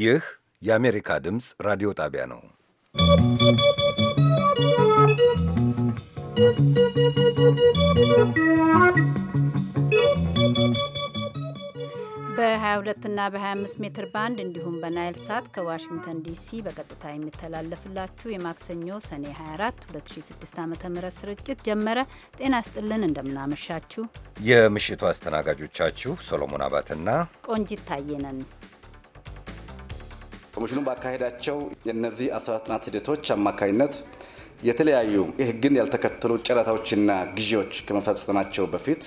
ይህ የአሜሪካ ድምፅ ራዲዮ ጣቢያ ነው። በ22 እና በ25 ሜትር ባንድ እንዲሁም በናይል ሳት ከዋሽንግተን ዲሲ በቀጥታ የሚተላለፍላችሁ የማክሰኞ ሰኔ 24 2006 ዓ ም ስርጭት ጀመረ። ጤና ስጥልን፣ እንደምናመሻችሁ። የምሽቱ አስተናጋጆቻችሁ ሶሎሞን አባትና ቆንጂት ታየነን። ኮሚሽኑ ባካሄዳቸው የእነዚህ አስራ ጥናት ሂደቶች አማካኝነት የተለያዩ ግን ያልተከተሉ ጨረታዎችና ግዢዎች ከመፈጸማቸው በፊት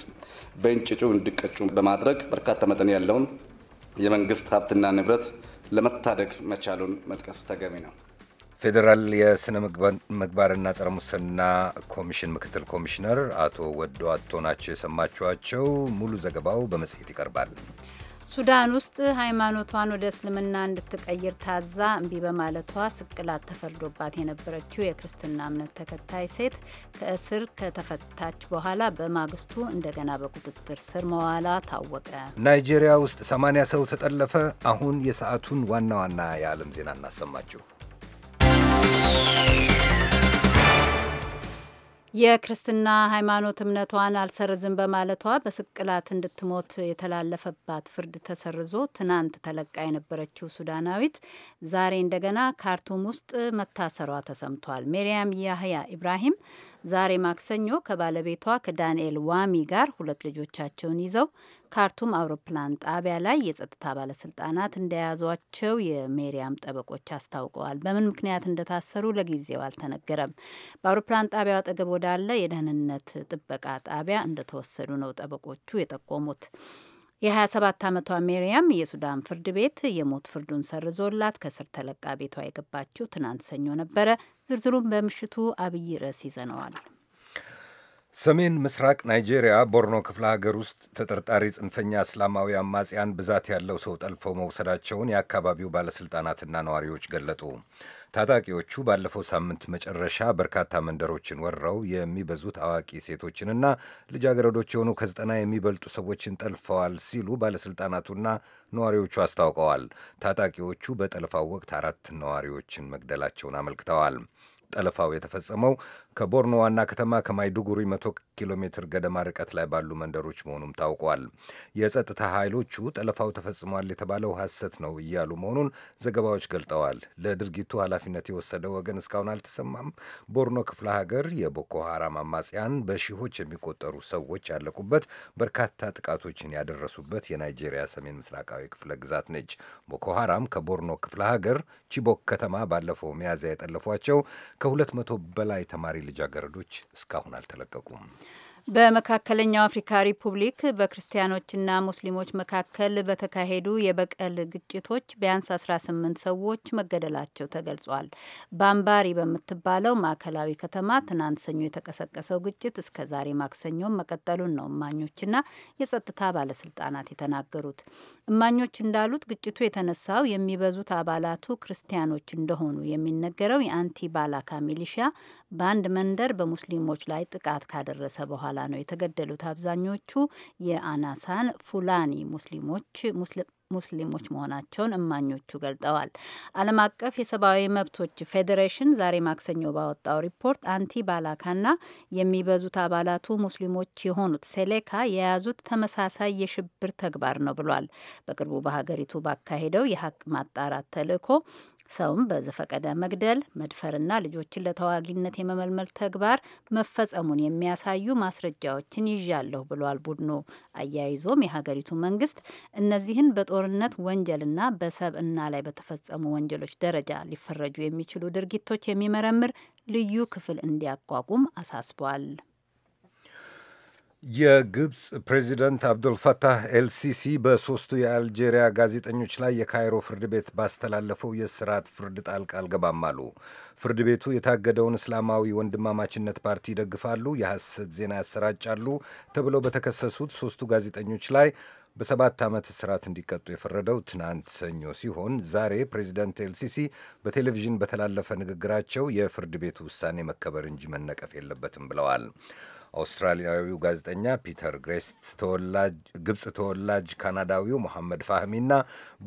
በእንጭጩ እንዲቀጩ በማድረግ በርካታ መጠን ያለውን የመንግስት ሀብትና ንብረት ለመታደግ መቻሉን መጥቀስ ተገቢ ነው። ፌዴራል የሥነ ምግባርና ጸረ ሙስና ኮሚሽን ምክትል ኮሚሽነር አቶ ወዶ አቶ ናቸው የሰማችኋቸው። ሙሉ ዘገባው በመጽሔት ይቀርባል። ሱዳን ውስጥ ሃይማኖቷን ወደ እስልምና እንድትቀይር ታዛ እምቢ በማለቷ ስቅላት ተፈርዶባት የነበረችው የክርስትና እምነት ተከታይ ሴት ከእስር ከተፈታች በኋላ በማግስቱ እንደገና በቁጥጥር ስር መዋላ ታወቀ። ናይጄሪያ ውስጥ ሰማንያ ሰው ተጠለፈ። አሁን የሰዓቱን ዋና ዋና የዓለም ዜና እናሰማችሁ። የክርስትና ሃይማኖት እምነቷን አልሰርዝም በማለቷ በስቅላት እንድትሞት የተላለፈባት ፍርድ ተሰርዞ ትናንት ተለቃ የነበረችው ሱዳናዊት ዛሬ እንደገና ካርቱም ውስጥ መታሰሯ ተሰምቷል። ሜሪያም ያህያ ኢብራሂም ዛሬ ማክሰኞ ከባለቤቷ ከዳንኤል ዋሚ ጋር ሁለት ልጆቻቸውን ይዘው ካርቱም አውሮፕላን ጣቢያ ላይ የጸጥታ ባለስልጣናት እንደያዟቸው የሜሪያም ጠበቆች አስታውቀዋል። በምን ምክንያት እንደታሰሩ ለጊዜው አልተነገረም። በአውሮፕላን ጣቢያው አጠገብ ወዳለ የደህንነት ጥበቃ ጣቢያ እንደተወሰዱ ነው ጠበቆቹ የጠቆሙት። የ27 ዓመቷ ሜሪያም የሱዳን ፍርድ ቤት የሞት ፍርዱን ሰርዞላት ከስር ተለቃ ቤቷ የገባችው ትናንት ሰኞ ነበረ። ዝርዝሩን በምሽቱ አብይ ርዕስ ይዘነዋል። ሰሜን ምስራቅ ናይጄሪያ ቦርኖ ክፍለ ሀገር ውስጥ ተጠርጣሪ ጽንፈኛ እስላማዊ አማጽያን ብዛት ያለው ሰው ጠልፈው መውሰዳቸውን የአካባቢው ባለሥልጣናትና ነዋሪዎች ገለጡ። ታጣቂዎቹ ባለፈው ሳምንት መጨረሻ በርካታ መንደሮችን ወረው የሚበዙት አዋቂ ሴቶችንና ልጃገረዶች የሆኑ ከዘጠና የሚበልጡ ሰዎችን ጠልፈዋል ሲሉ ባለሥልጣናቱና ነዋሪዎቹ አስታውቀዋል። ታጣቂዎቹ በጠልፋው ወቅት አራት ነዋሪዎችን መግደላቸውን አመልክተዋል። ጠለፋው የተፈጸመው ከቦርኖ ዋና ከተማ ከማይዱጉሪ መቶ ኪሎ ሜትር ገደማ ርቀት ላይ ባሉ መንደሮች መሆኑም ታውቋል። የጸጥታ ኃይሎቹ ጠለፋው ተፈጽሟል የተባለው ሐሰት ነው እያሉ መሆኑን ዘገባዎች ገልጠዋል። ለድርጊቱ ኃላፊነት የወሰደ ወገን እስካሁን አልተሰማም። ቦርኖ ክፍለ ሀገር የቦኮ ሐራም አማጽያን በሺዎች የሚቆጠሩ ሰዎች ያለቁበት በርካታ ጥቃቶችን ያደረሱበት የናይጄሪያ ሰሜን ምስራቃዊ ክፍለ ግዛት ነች። ቦኮ ሐራም ከቦርኖ ክፍለ ሀገር ቺቦክ ከተማ ባለፈው መያዝያ የጠለፏቸው ከሁለት መቶ በላይ ተማሪ ልጃገረዶች እስካሁን አልተለቀቁም። በመካከለኛው አፍሪካ ሪፑብሊክ በክርስቲያኖችና ሙስሊሞች መካከል በተካሄዱ የበቀል ግጭቶች ቢያንስ 18 ሰዎች መገደላቸው ተገልጿል። ባምባሪ በምትባለው ማዕከላዊ ከተማ ትናንት ሰኞ የተቀሰቀሰው ግጭት እስከ ዛሬ ማክሰኞም መቀጠሉን ነው እማኞችና የጸጥታ ባለስልጣናት የተናገሩት። እማኞች እንዳሉት ግጭቱ የተነሳው የሚበዙት አባላቱ ክርስቲያኖች እንደሆኑ የሚነገረው የአንቲ ባላካ ሚሊሺያ በአንድ መንደር በሙስሊሞች ላይ ጥቃት ካደረሰ በኋላ በኋላ ነው የተገደሉት። አብዛኞቹ የአናሳን ፉላኒ ሙስሊሞች ሙስሊሞች መሆናቸውን እማኞቹ ገልጠዋል። ዓለም አቀፍ የሰብአዊ መብቶች ፌዴሬሽን ዛሬ ማክሰኞ ባወጣው ሪፖርት አንቲ ባላካና የሚበዙት አባላቱ ሙስሊሞች የሆኑት ሴሌካ የያዙት ተመሳሳይ የሽብር ተግባር ነው ብሏል። በቅርቡ በሀገሪቱ ባካሄደው የሀቅ ማጣራት ተልዕኮ ሰውም በዘፈቀደ መግደል፣ መድፈርና ልጆችን ለተዋጊነት የመመልመል ተግባር መፈጸሙን የሚያሳዩ ማስረጃዎችን ይዣለሁ ብሏል ቡድኑ። አያይዞም የሀገሪቱ መንግስት እነዚህን በጦርነት ወንጀልና በሰብእና ላይ በተፈጸሙ ወንጀሎች ደረጃ ሊፈረጁ የሚችሉ ድርጊቶች የሚመረምር ልዩ ክፍል እንዲያቋቁም አሳስቧል። የግብፅ ፕሬዚደንት አብዱልፈታህ ኤልሲሲ በሦስቱ የአልጄሪያ ጋዜጠኞች ላይ የካይሮ ፍርድ ቤት ባስተላለፈው የስርዓት ፍርድ ጣልቃ አልገባም አሉ። ፍርድ ቤቱ የታገደውን እስላማዊ ወንድማማችነት ፓርቲ ይደግፋሉ፣ የሐሰት ዜና ያሰራጫሉ ተብለው በተከሰሱት ሦስቱ ጋዜጠኞች ላይ በሰባት ዓመት እስራት እንዲቀጡ የፈረደው ትናንት ሰኞ ሲሆን ዛሬ ፕሬዚደንት ኤልሲሲ በቴሌቪዥን በተላለፈ ንግግራቸው የፍርድ ቤቱ ውሳኔ መከበር እንጂ መነቀፍ የለበትም ብለዋል። አውስትራሊያዊው ጋዜጠኛ ፒተር ግሬስት ግብፅ ተወላጅ ካናዳዊው ሞሐመድ ፋህሚና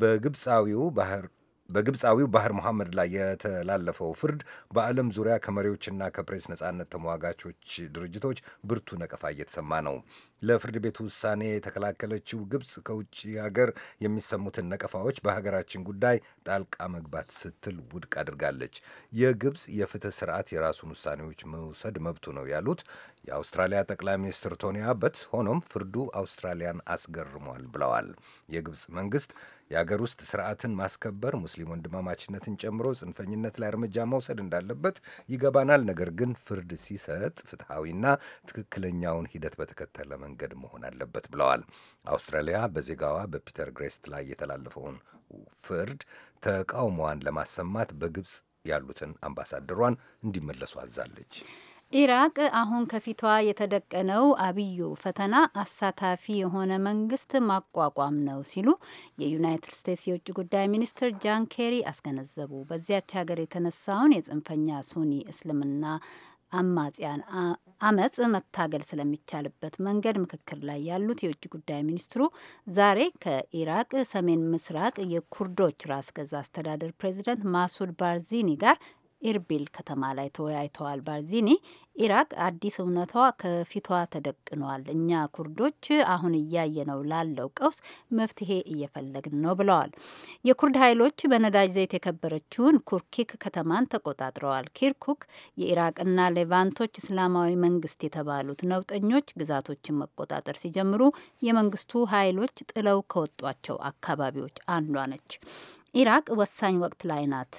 በግብፃዊው ባህር በግብፃዊው ባህር መሐመድ ላይ የተላለፈው ፍርድ በዓለም ዙሪያ ከመሪዎችና ከፕሬስ ነጻነት ተሟጋቾች ድርጅቶች ብርቱ ነቀፋ እየተሰማ ነው። ለፍርድ ቤቱ ውሳኔ የተከላከለችው ግብፅ ከውጭ ሀገር የሚሰሙትን ነቀፋዎች በሀገራችን ጉዳይ ጣልቃ መግባት ስትል ውድቅ አድርጋለች። የግብፅ የፍትህ ስርዓት የራሱን ውሳኔዎች መውሰድ መብቱ ነው ያሉት የአውስትራሊያ ጠቅላይ ሚኒስትር ቶኒ አበት፣ ሆኖም ፍርዱ አውስትራሊያን አስገርሟል ብለዋል። የግብፅ መንግስት የአገር ውስጥ ስርዓትን ማስከበር ሙስሊም ወንድማማችነትን ጨምሮ ጽንፈኝነት ላይ እርምጃ መውሰድ እንዳለበት ይገባናል። ነገር ግን ፍርድ ሲሰጥ ፍትሐዊና ትክክለኛውን ሂደት በተከተለ መንገድ መሆን አለበት ብለዋል። አውስትራሊያ በዜጋዋ በፒተር ግሬስት ላይ የተላለፈውን ፍርድ ተቃውሞዋን ለማሰማት በግብፅ ያሉትን አምባሳደሯን እንዲመለሱ አዛለች። ኢራቅ አሁን ከፊቷ የተደቀነው አብዩ ፈተና አሳታፊ የሆነ መንግስት ማቋቋም ነው ሲሉ የዩናይትድ ስቴትስ የውጭ ጉዳይ ሚኒስትር ጃን ኬሪ አስገነዘቡ። በዚያች ሀገር የተነሳውን የጽንፈኛ ሱኒ እስልምና አማጽያን አመፅ መታገል ስለሚቻልበት መንገድ ምክክር ላይ ያሉት የውጭ ጉዳይ ሚኒስትሩ ዛሬ ከኢራቅ ሰሜን ምስራቅ የኩርዶች ራስ ገዛ አስተዳደር ፕሬዚደንት ማሱድ ባርዚኒ ጋር ኢርቢል ከተማ ላይ ተወያይተዋል። ባርዚኒ ኢራቅ አዲስ እውነቷ ከፊቷ ተደቅኗል። እኛ ኩርዶች አሁን እያየ ነው ላለው ቀውስ መፍትሄ እየፈለግን ነው ብለዋል። የኩርድ ኃይሎች በነዳጅ ዘይት የከበረችውን ኩርኪክ ከተማን ተቆጣጥረዋል። ኪርኩክ የኢራቅና ሌቫንቶች እስላማዊ መንግስት የተባሉት ነውጠኞች ግዛቶችን መቆጣጠር ሲጀምሩ የመንግስቱ ኃይሎች ጥለው ከወጧቸው አካባቢዎች አንዷ ነች። ኢራቅ ወሳኝ ወቅት ላይ ናት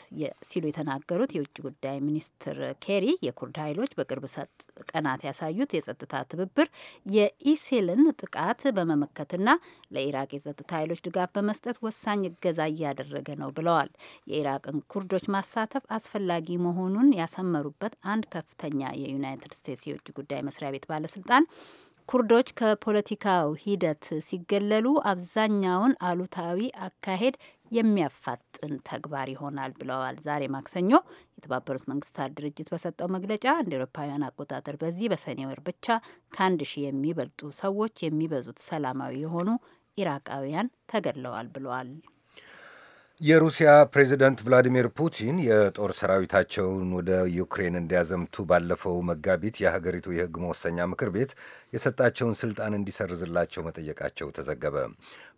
ሲሉ የተናገሩት የውጭ ጉዳይ ሚኒስትር ኬሪ የኩርድ ኃይሎች በቅርብ ቅርብሰት ቀናት ያሳዩት የጸጥታ ትብብር የኢሴልን ጥቃት በመመከትና ለኢራቅ የጸጥታ ኃይሎች ድጋፍ በመስጠት ወሳኝ እገዛ እያደረገ ነው ብለዋል። የኢራቅን ኩርዶች ማሳተፍ አስፈላጊ መሆኑን ያሰመሩበት አንድ ከፍተኛ የዩናይትድ ስቴትስ የውጭ ጉዳይ መስሪያ ቤት ባለስልጣን ኩርዶች ከፖለቲካው ሂደት ሲገለሉ አብዛኛውን አሉታዊ አካሄድ የሚያፋጥን ተግባር ይሆናል ብለዋል። ዛሬ ማክሰኞ የተባበሩት መንግስታት ድርጅት በሰጠው መግለጫ እንደ ኤሮፓውያን አቆጣጠር በዚህ በሰኔ ወር ብቻ ከአንድ ሺህ የሚበልጡ ሰዎች የሚበዙት ሰላማዊ የሆኑ ኢራቃውያን ተገድለዋል ብለዋል። የሩሲያ ፕሬዚደንት ቭላዲሚር ፑቲን የጦር ሰራዊታቸውን ወደ ዩክሬን እንዲያዘምቱ ባለፈው መጋቢት የሀገሪቱ የህግ መወሰኛ ምክር ቤት የሰጣቸውን ስልጣን እንዲሰርዝላቸው መጠየቃቸው ተዘገበ።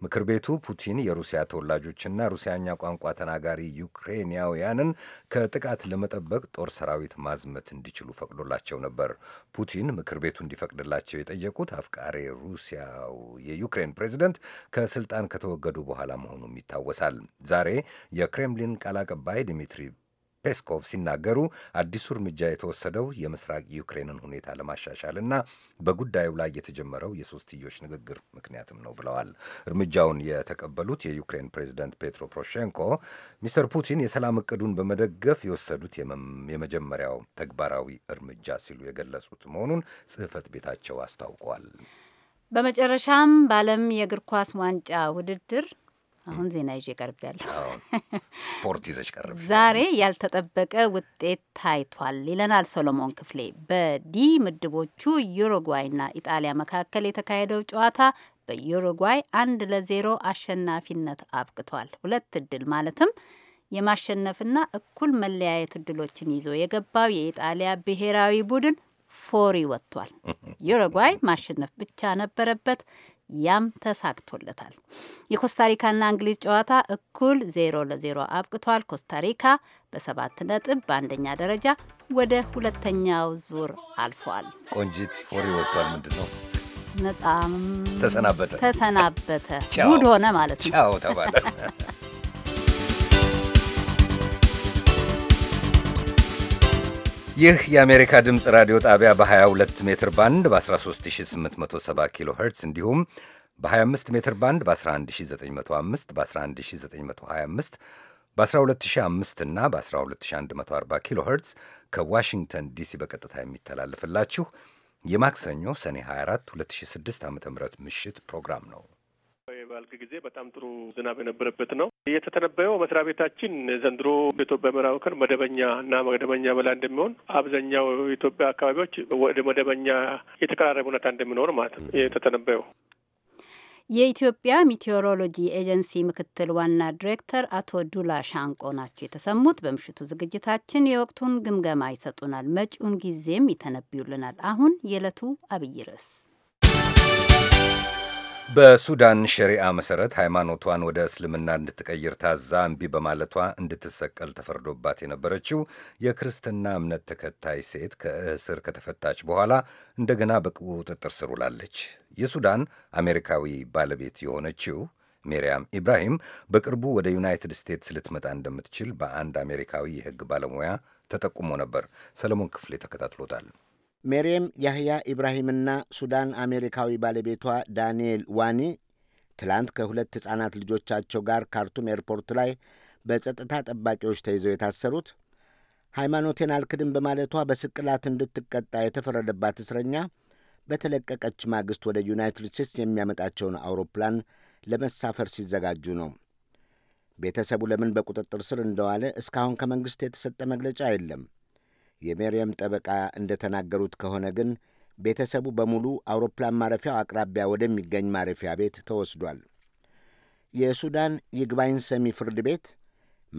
ምክር ቤቱ ፑቲን የሩሲያ ተወላጆችና ሩሲያኛ ቋንቋ ተናጋሪ ዩክሬንያውያንን ከጥቃት ለመጠበቅ ጦር ሰራዊት ማዝመት እንዲችሉ ፈቅዶላቸው ነበር። ፑቲን ምክር ቤቱ እንዲፈቅድላቸው የጠየቁት አፍቃሬ ሩሲያው የዩክሬን ፕሬዚደንት ከስልጣን ከተወገዱ በኋላ መሆኑም ይታወሳል። ዛሬ የክሬምሊን ቃል አቀባይ ዲሚትሪ ፔስኮቭ ሲናገሩ አዲሱ እርምጃ የተወሰደው የምስራቅ ዩክሬንን ሁኔታ ለማሻሻል እና በጉዳዩ ላይ የተጀመረው የሶስትዮሽ ንግግር ምክንያትም ነው ብለዋል። እርምጃውን የተቀበሉት የዩክሬን ፕሬዚደንት ፔትሮ ፖሮሼንኮ ሚስተር ፑቲን የሰላም እቅዱን በመደገፍ የወሰዱት የመጀመሪያው ተግባራዊ እርምጃ ሲሉ የገለጹት መሆኑን ጽህፈት ቤታቸው አስታውቋል። በመጨረሻም በዓለም የእግር ኳስ ዋንጫ ውድድር አሁን ዜና ይዤ ቀርብ ያለሁ ስፖርት ይዘሽ ቀርብ። ዛሬ ያልተጠበቀ ውጤት ታይቷል ይለናል ሶሎሞን ክፍሌ። በዲ ምድቦቹ ዩሩጓይና ኢጣሊያ መካከል የተካሄደው ጨዋታ በዩሩጓይ አንድ ለዜሮ አሸናፊነት አብቅቷል። ሁለት እድል ማለትም የማሸነፍና እኩል መለያየት እድሎችን ይዞ የገባው የኢጣሊያ ብሔራዊ ቡድን ፎሪ ወጥቷል። ዩሩጓይ ማሸነፍ ብቻ ነበረበት። ያም ተሳክቶለታል። የኮስታሪካና እንግሊዝ ጨዋታ እኩል ዜሮ ለዜሮ አብቅቷል። ኮስታሪካ በሰባት ነጥብ በአንደኛ ደረጃ ወደ ሁለተኛው ዙር አልፏል። ቆንጂት ወሬ ወጥቷል። ምንድን ነው? ነጻም ተሰናበተ ተሰናበተ ጉድ ሆነ ማለት ነው። ቻው ተባለ። ይህ የአሜሪካ ድምፅ ራዲዮ ጣቢያ በ22 ሜትር ባንድ በ13870 ኪሎ ሄርትስ እንዲሁም በ25 ሜትር ባንድ በ11905 በ11925 በ12005 እና በ12140 ኪሎ ሄርትስ ከዋሽንግተን ዲሲ በቀጥታ የሚተላለፍላችሁ የማክሰኞ ሰኔ 24 2006 ዓ ም ምሽት ፕሮግራም ነው። ባልክ ጊዜ በጣም ጥሩ ዝናብ የነበረበት ነው የተተነበየው። መስሪያ ቤታችን ዘንድሮ በኢትዮጵያ ምዕራብ ክፍል መደበኛ እና መደበኛ በላይ እንደሚሆን አብዛኛው የኢትዮጵያ አካባቢዎች ወደ መደበኛ የተቀራረበ ሁኔታ እንደሚኖር ማለት ነው የተተነበየው። የኢትዮጵያ ሚቴዎሮሎጂ ኤጀንሲ ምክትል ዋና ዲሬክተር አቶ ዱላ ሻንቆ ናቸው የተሰሙት። በምሽቱ ዝግጅታችን የወቅቱን ግምገማ ይሰጡናል፣ መጪውን ጊዜም ይተነብዩልናል። አሁን የዕለቱ አብይ ርዕስ በሱዳን ሸሪአ መሰረት ሃይማኖቷን ወደ እስልምና እንድትቀይር ታዛ እምቢ በማለቷ እንድትሰቀል ተፈርዶባት የነበረችው የክርስትና እምነት ተከታይ ሴት ከእስር ከተፈታች በኋላ እንደገና በቁጥጥር ስር ውላለች። የሱዳን አሜሪካዊ ባለቤት የሆነችው ሜርያም ኢብራሂም በቅርቡ ወደ ዩናይትድ ስቴትስ ልትመጣ እንደምትችል በአንድ አሜሪካዊ የሕግ ባለሙያ ተጠቁሞ ነበር። ሰለሞን ክፍሌ ተከታትሎታል። ሜርየም ያህያ ኢብራሂምና ሱዳን አሜሪካዊ ባለቤቷ ዳንኤል ዋኒ ትላንት ከሁለት ሕፃናት ልጆቻቸው ጋር ካርቱም ኤርፖርት ላይ በጸጥታ ጠባቂዎች ተይዘው የታሰሩት ሃይማኖቴን አልክድም በማለቷ በስቅላት እንድትቀጣ የተፈረደባት እስረኛ በተለቀቀች ማግስት ወደ ዩናይትድ ስቴትስ የሚያመጣቸውን አውሮፕላን ለመሳፈር ሲዘጋጁ ነው። ቤተሰቡ ለምን በቁጥጥር ስር እንደዋለ እስካሁን ከመንግሥት የተሰጠ መግለጫ የለም። የሜርየም ጠበቃ እንደተናገሩት ከሆነ ግን ቤተሰቡ በሙሉ አውሮፕላን ማረፊያው አቅራቢያ ወደሚገኝ ማረፊያ ቤት ተወስዷል። የሱዳን ይግባኝ ሰሚ ፍርድ ቤት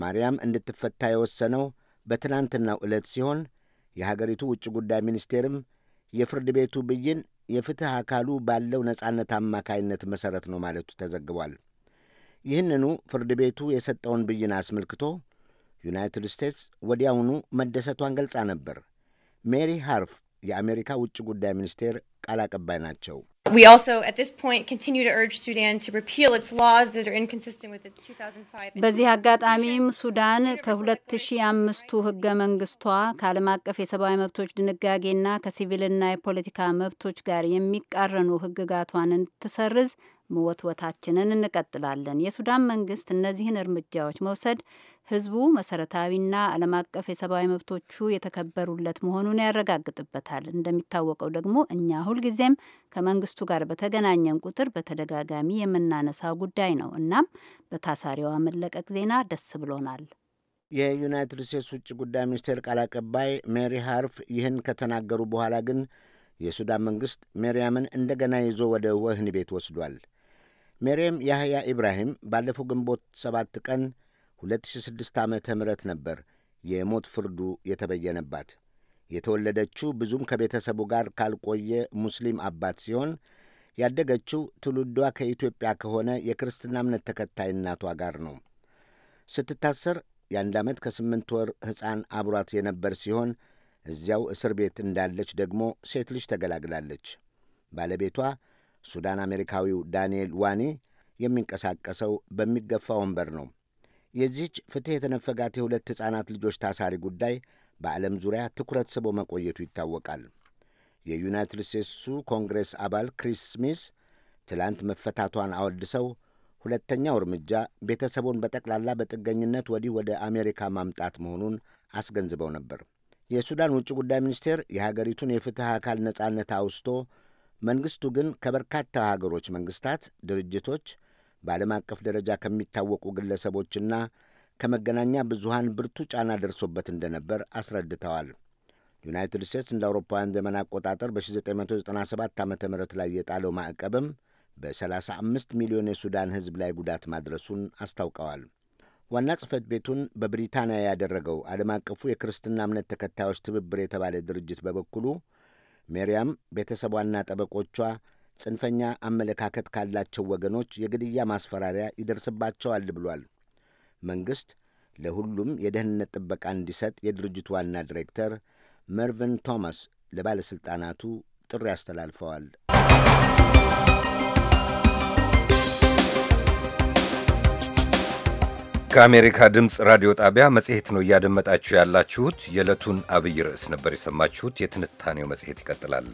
ማርያም እንድትፈታ የወሰነው በትናንትናው ዕለት ሲሆን የሀገሪቱ ውጭ ጉዳይ ሚኒስቴርም የፍርድ ቤቱ ብይን የፍትሕ አካሉ ባለው ነጻነት አማካይነት መሠረት ነው ማለቱ ተዘግቧል። ይህንኑ ፍርድ ቤቱ የሰጠውን ብይን አስመልክቶ ዩናይትድ ስቴትስ ወዲያውኑ መደሰቷን ገልጻ ነበር። ሜሪ ሃርፍ የአሜሪካ ውጭ ጉዳይ ሚኒስቴር ቃል አቀባይ ናቸው። በዚህ አጋጣሚም ሱዳን ከ2005ቱ መንግስቷ ከዓለም አቀፍ የሰብአዊ መብቶች ድንጋጌና ከሲቪልና የፖለቲካ መብቶች ጋር የሚቃረኑ ህግጋቷን እንድትሰርዝ መወትወታችንን እንቀጥላለን። የሱዳን መንግስት እነዚህን እርምጃዎች መውሰድ ህዝቡ መሰረታዊና ዓለም አቀፍ የሰብአዊ መብቶቹ የተከበሩለት መሆኑን ያረጋግጥበታል። እንደሚታወቀው ደግሞ እኛ ሁልጊዜም ከመንግስቱ ጋር በተገናኘን ቁጥር በተደጋጋሚ የምናነሳው ጉዳይ ነው። እናም በታሳሪዋ መለቀቅ ዜና ደስ ብሎናል። የዩናይትድ ስቴትስ ውጭ ጉዳይ ሚኒስቴር ቃል አቀባይ ሜሪ ሃርፍ ይህን ከተናገሩ በኋላ ግን የሱዳን መንግስት ሜሪያምን እንደገና ይዞ ወደ ወህኒ ቤት ወስዷል። ሜርየም ያህያ ኢብራሂም ባለፈው ግንቦት ሰባት ቀን 2006 ዓ ም ነበር የሞት ፍርዱ የተበየነባት። የተወለደችው ብዙም ከቤተሰቡ ጋር ካልቆየ ሙስሊም አባት ሲሆን ያደገችው ትውልዷ ከኢትዮጵያ ከሆነ የክርስትና እምነት ተከታይ እናቷ ጋር ነው። ስትታሰር የአንድ ዓመት ከስምንት ወር ሕፃን አብሯት የነበር ሲሆን እዚያው እስር ቤት እንዳለች ደግሞ ሴት ልጅ ተገላግላለች። ባለቤቷ ሱዳን አሜሪካዊው ዳንኤል ዋኒ የሚንቀሳቀሰው በሚገፋ ወንበር ነው። የዚህች ፍትሕ የተነፈጋት የሁለት ሕፃናት ልጆች ታሳሪ ጉዳይ በዓለም ዙሪያ ትኩረት ስቦ መቆየቱ ይታወቃል። የዩናይትድ ስቴትሱ ኮንግሬስ አባል ክሪስ ስሚስ ትላንት መፈታቷን አወድሰው ሁለተኛው እርምጃ ቤተሰቡን በጠቅላላ በጥገኝነት ወዲህ ወደ አሜሪካ ማምጣት መሆኑን አስገንዝበው ነበር። የሱዳን ውጭ ጉዳይ ሚኒስቴር የሀገሪቱን የፍትሕ አካል ነጻነት አውስቶ መንግሥቱ ግን ከበርካታ ሀገሮች መንግሥታት፣ ድርጅቶች፣ በዓለም አቀፍ ደረጃ ከሚታወቁ ግለሰቦችና ከመገናኛ ብዙሃን ብርቱ ጫና ደርሶበት እንደነበር አስረድተዋል። ዩናይትድ ስቴትስ እንደ አውሮፓውያን ዘመን አቆጣጠር በ1997 ዓ ም ላይ የጣለው ማዕቀብም በ35 ሚሊዮን የሱዳን ሕዝብ ላይ ጉዳት ማድረሱን አስታውቀዋል። ዋና ጽሕፈት ቤቱን በብሪታንያ ያደረገው ዓለም አቀፉ የክርስትና እምነት ተከታዮች ትብብር የተባለ ድርጅት በበኩሉ ሜርያም ቤተሰቧና ጠበቆቿ ጽንፈኛ አመለካከት ካላቸው ወገኖች የግድያ ማስፈራሪያ ይደርስባቸዋል ብሏል። መንግሥት ለሁሉም የደህንነት ጥበቃ እንዲሰጥ የድርጅቱ ዋና ዲሬክተር መርቪን ቶማስ ለባለሥልጣናቱ ጥሪ አስተላልፈዋል። ከአሜሪካ ድምፅ ራዲዮ ጣቢያ መጽሔት ነው እያደመጣችሁ ያላችሁት። የዕለቱን አብይ ርዕስ ነበር የሰማችሁት። የትንታኔው መጽሔት ይቀጥላል።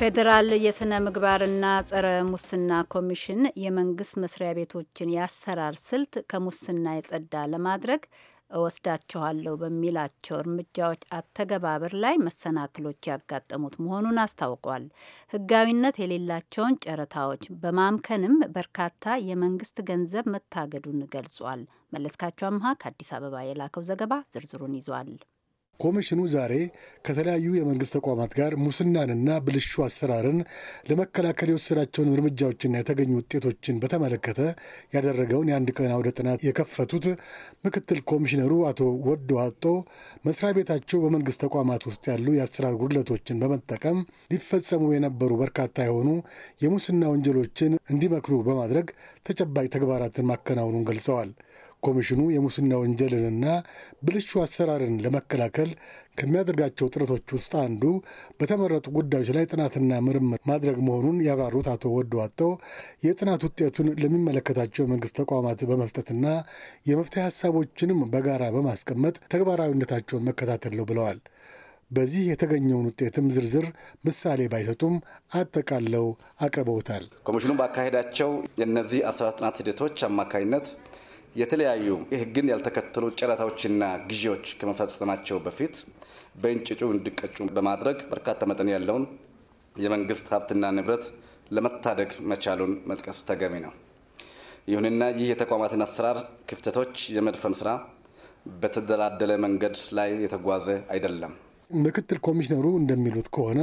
ፌዴራል የሥነ ምግባርና ጸረ ሙስና ኮሚሽን የመንግስት መስሪያ ቤቶችን የአሰራር ስልት ከሙስና የጸዳ ለማድረግ እወስዳቸዋለሁ በሚላቸው እርምጃዎች አተገባበር ላይ መሰናክሎች ያጋጠሙት መሆኑን አስታውቋል። ህጋዊነት የሌላቸውን ጨረታዎች በማምከንም በርካታ የመንግስት ገንዘብ መታገዱን ገልጿል። መለስካቸው አምሃ ከአዲስ አበባ የላከው ዘገባ ዝርዝሩን ይዟል። ኮሚሽኑ ዛሬ ከተለያዩ የመንግሥት ተቋማት ጋር ሙስናንና ብልሹ አሰራርን ለመከላከል የወሰዳቸውን እርምጃዎችና የተገኙ ውጤቶችን በተመለከተ ያደረገውን የአንድ ቀን አውደ ጥናት የከፈቱት ምክትል ኮሚሽነሩ አቶ ወዶ አጦ መስሪያ ቤታቸው በመንግሥት ተቋማት ውስጥ ያሉ የአሰራር ጉድለቶችን በመጠቀም ሊፈጸሙ የነበሩ በርካታ የሆኑ የሙስና ወንጀሎችን እንዲመክሩ በማድረግ ተጨባጭ ተግባራትን ማከናወኑን ገልጸዋል። ኮሚሽኑ የሙስና ወንጀልንና ብልሹ አሰራርን ለመከላከል ከሚያደርጋቸው ጥረቶች ውስጥ አንዱ በተመረጡ ጉዳዮች ላይ ጥናትና ምርምር ማድረግ መሆኑን ያብራሩት አቶ ወዶ አጦ የጥናት ውጤቱን ለሚመለከታቸው የመንግስት ተቋማት በመስጠትና የመፍትሄ ሀሳቦችንም በጋራ በማስቀመጥ ተግባራዊነታቸውን መከታተል ነው ብለዋል። በዚህ የተገኘውን ውጤትም ዝርዝር ምሳሌ ባይሰጡም አጠቃለው አቅርበውታል። ኮሚሽኑ ባካሄዳቸው የእነዚህ አስራ ጥናት ሂደቶች አማካኝነት የተለያዩ የህግን ያልተከተሉ ጨረታዎችና ግዢዎች ከመፈጸማቸው በፊት በእንጭጩ እንዲቀጩ በማድረግ በርካታ መጠን ያለውን የመንግስት ሀብትና ንብረት ለመታደግ መቻሉን መጥቀስ ተገቢ ነው። ይሁንና ይህ የተቋማትን አሰራር ክፍተቶች የመድፈን ስራ በተደላደለ መንገድ ላይ የተጓዘ አይደለም። ምክትል ኮሚሽነሩ እንደሚሉት ከሆነ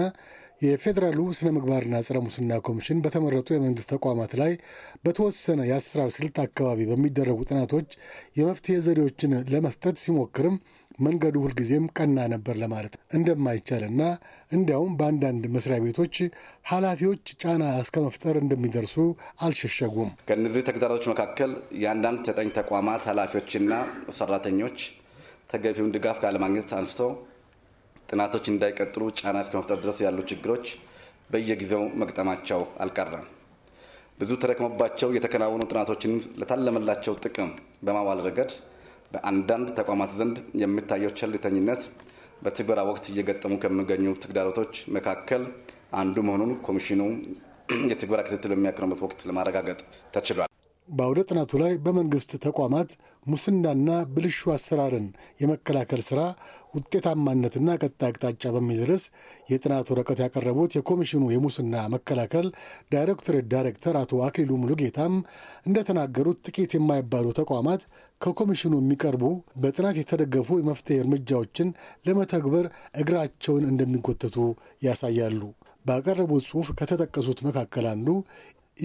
የፌዴራሉ ስነ ምግባርና ጸረ ሙስና ኮሚሽን በተመረጡ የመንግስት ተቋማት ላይ በተወሰነ የአሰራር ስልት አካባቢ በሚደረጉ ጥናቶች የመፍትሄ ዘዴዎችን ለመስጠት ሲሞክርም መንገዱ ሁልጊዜም ቀና ነበር ለማለት እንደማይቻልና እንዲያውም በአንዳንድ መስሪያ ቤቶች ኃላፊዎች ጫና እስከ መፍጠር እንደሚደርሱ አልሸሸጉም። ከእነዚህ ተግዳሮች መካከል የአንዳንድ ተጠኝ ተቋማት ኃላፊዎችና ሰራተኞች ተገቢውን ድጋፍ ካለማግኘት አንስቶ ጥናቶች እንዳይቀጥሉ ጫና እስከመፍጠር ድረስ ያሉ ችግሮች በየጊዜው መግጠማቸው አልቀረም። ብዙ ተደክሞባቸው የተከናወኑ ጥናቶችን ለታለመላቸው ጥቅም በማዋል ረገድ በአንዳንድ ተቋማት ዘንድ የሚታየው ቸልተኝነት በትግበራ ወቅት እየገጠሙ ከሚገኙ ተግዳሮቶች መካከል አንዱ መሆኑን ኮሚሽኑ የትግበራ ክትትል በሚያቀርብበት ወቅት ለማረጋገጥ ተችሏል። በአውደ ጥናቱ ላይ በመንግስት ተቋማት ሙስናና ብልሹ አሰራርን የመከላከል ስራ ውጤታማነትና ቀጣይ አቅጣጫ በሚል ርዕስ የጥናት ወረቀት ያቀረቡት የኮሚሽኑ የሙስና መከላከል ዳይሬክቶሬት ዳይሬክተር አቶ አክሊሉ ሙሉጌታም እንደተናገሩት ጥቂት የማይባሉ ተቋማት ከኮሚሽኑ የሚቀርቡ በጥናት የተደገፉ የመፍትሄ እርምጃዎችን ለመተግበር እግራቸውን እንደሚጎተቱ ያሳያሉ። ባቀረቡት ጽሑፍ ከተጠቀሱት መካከል አንዱ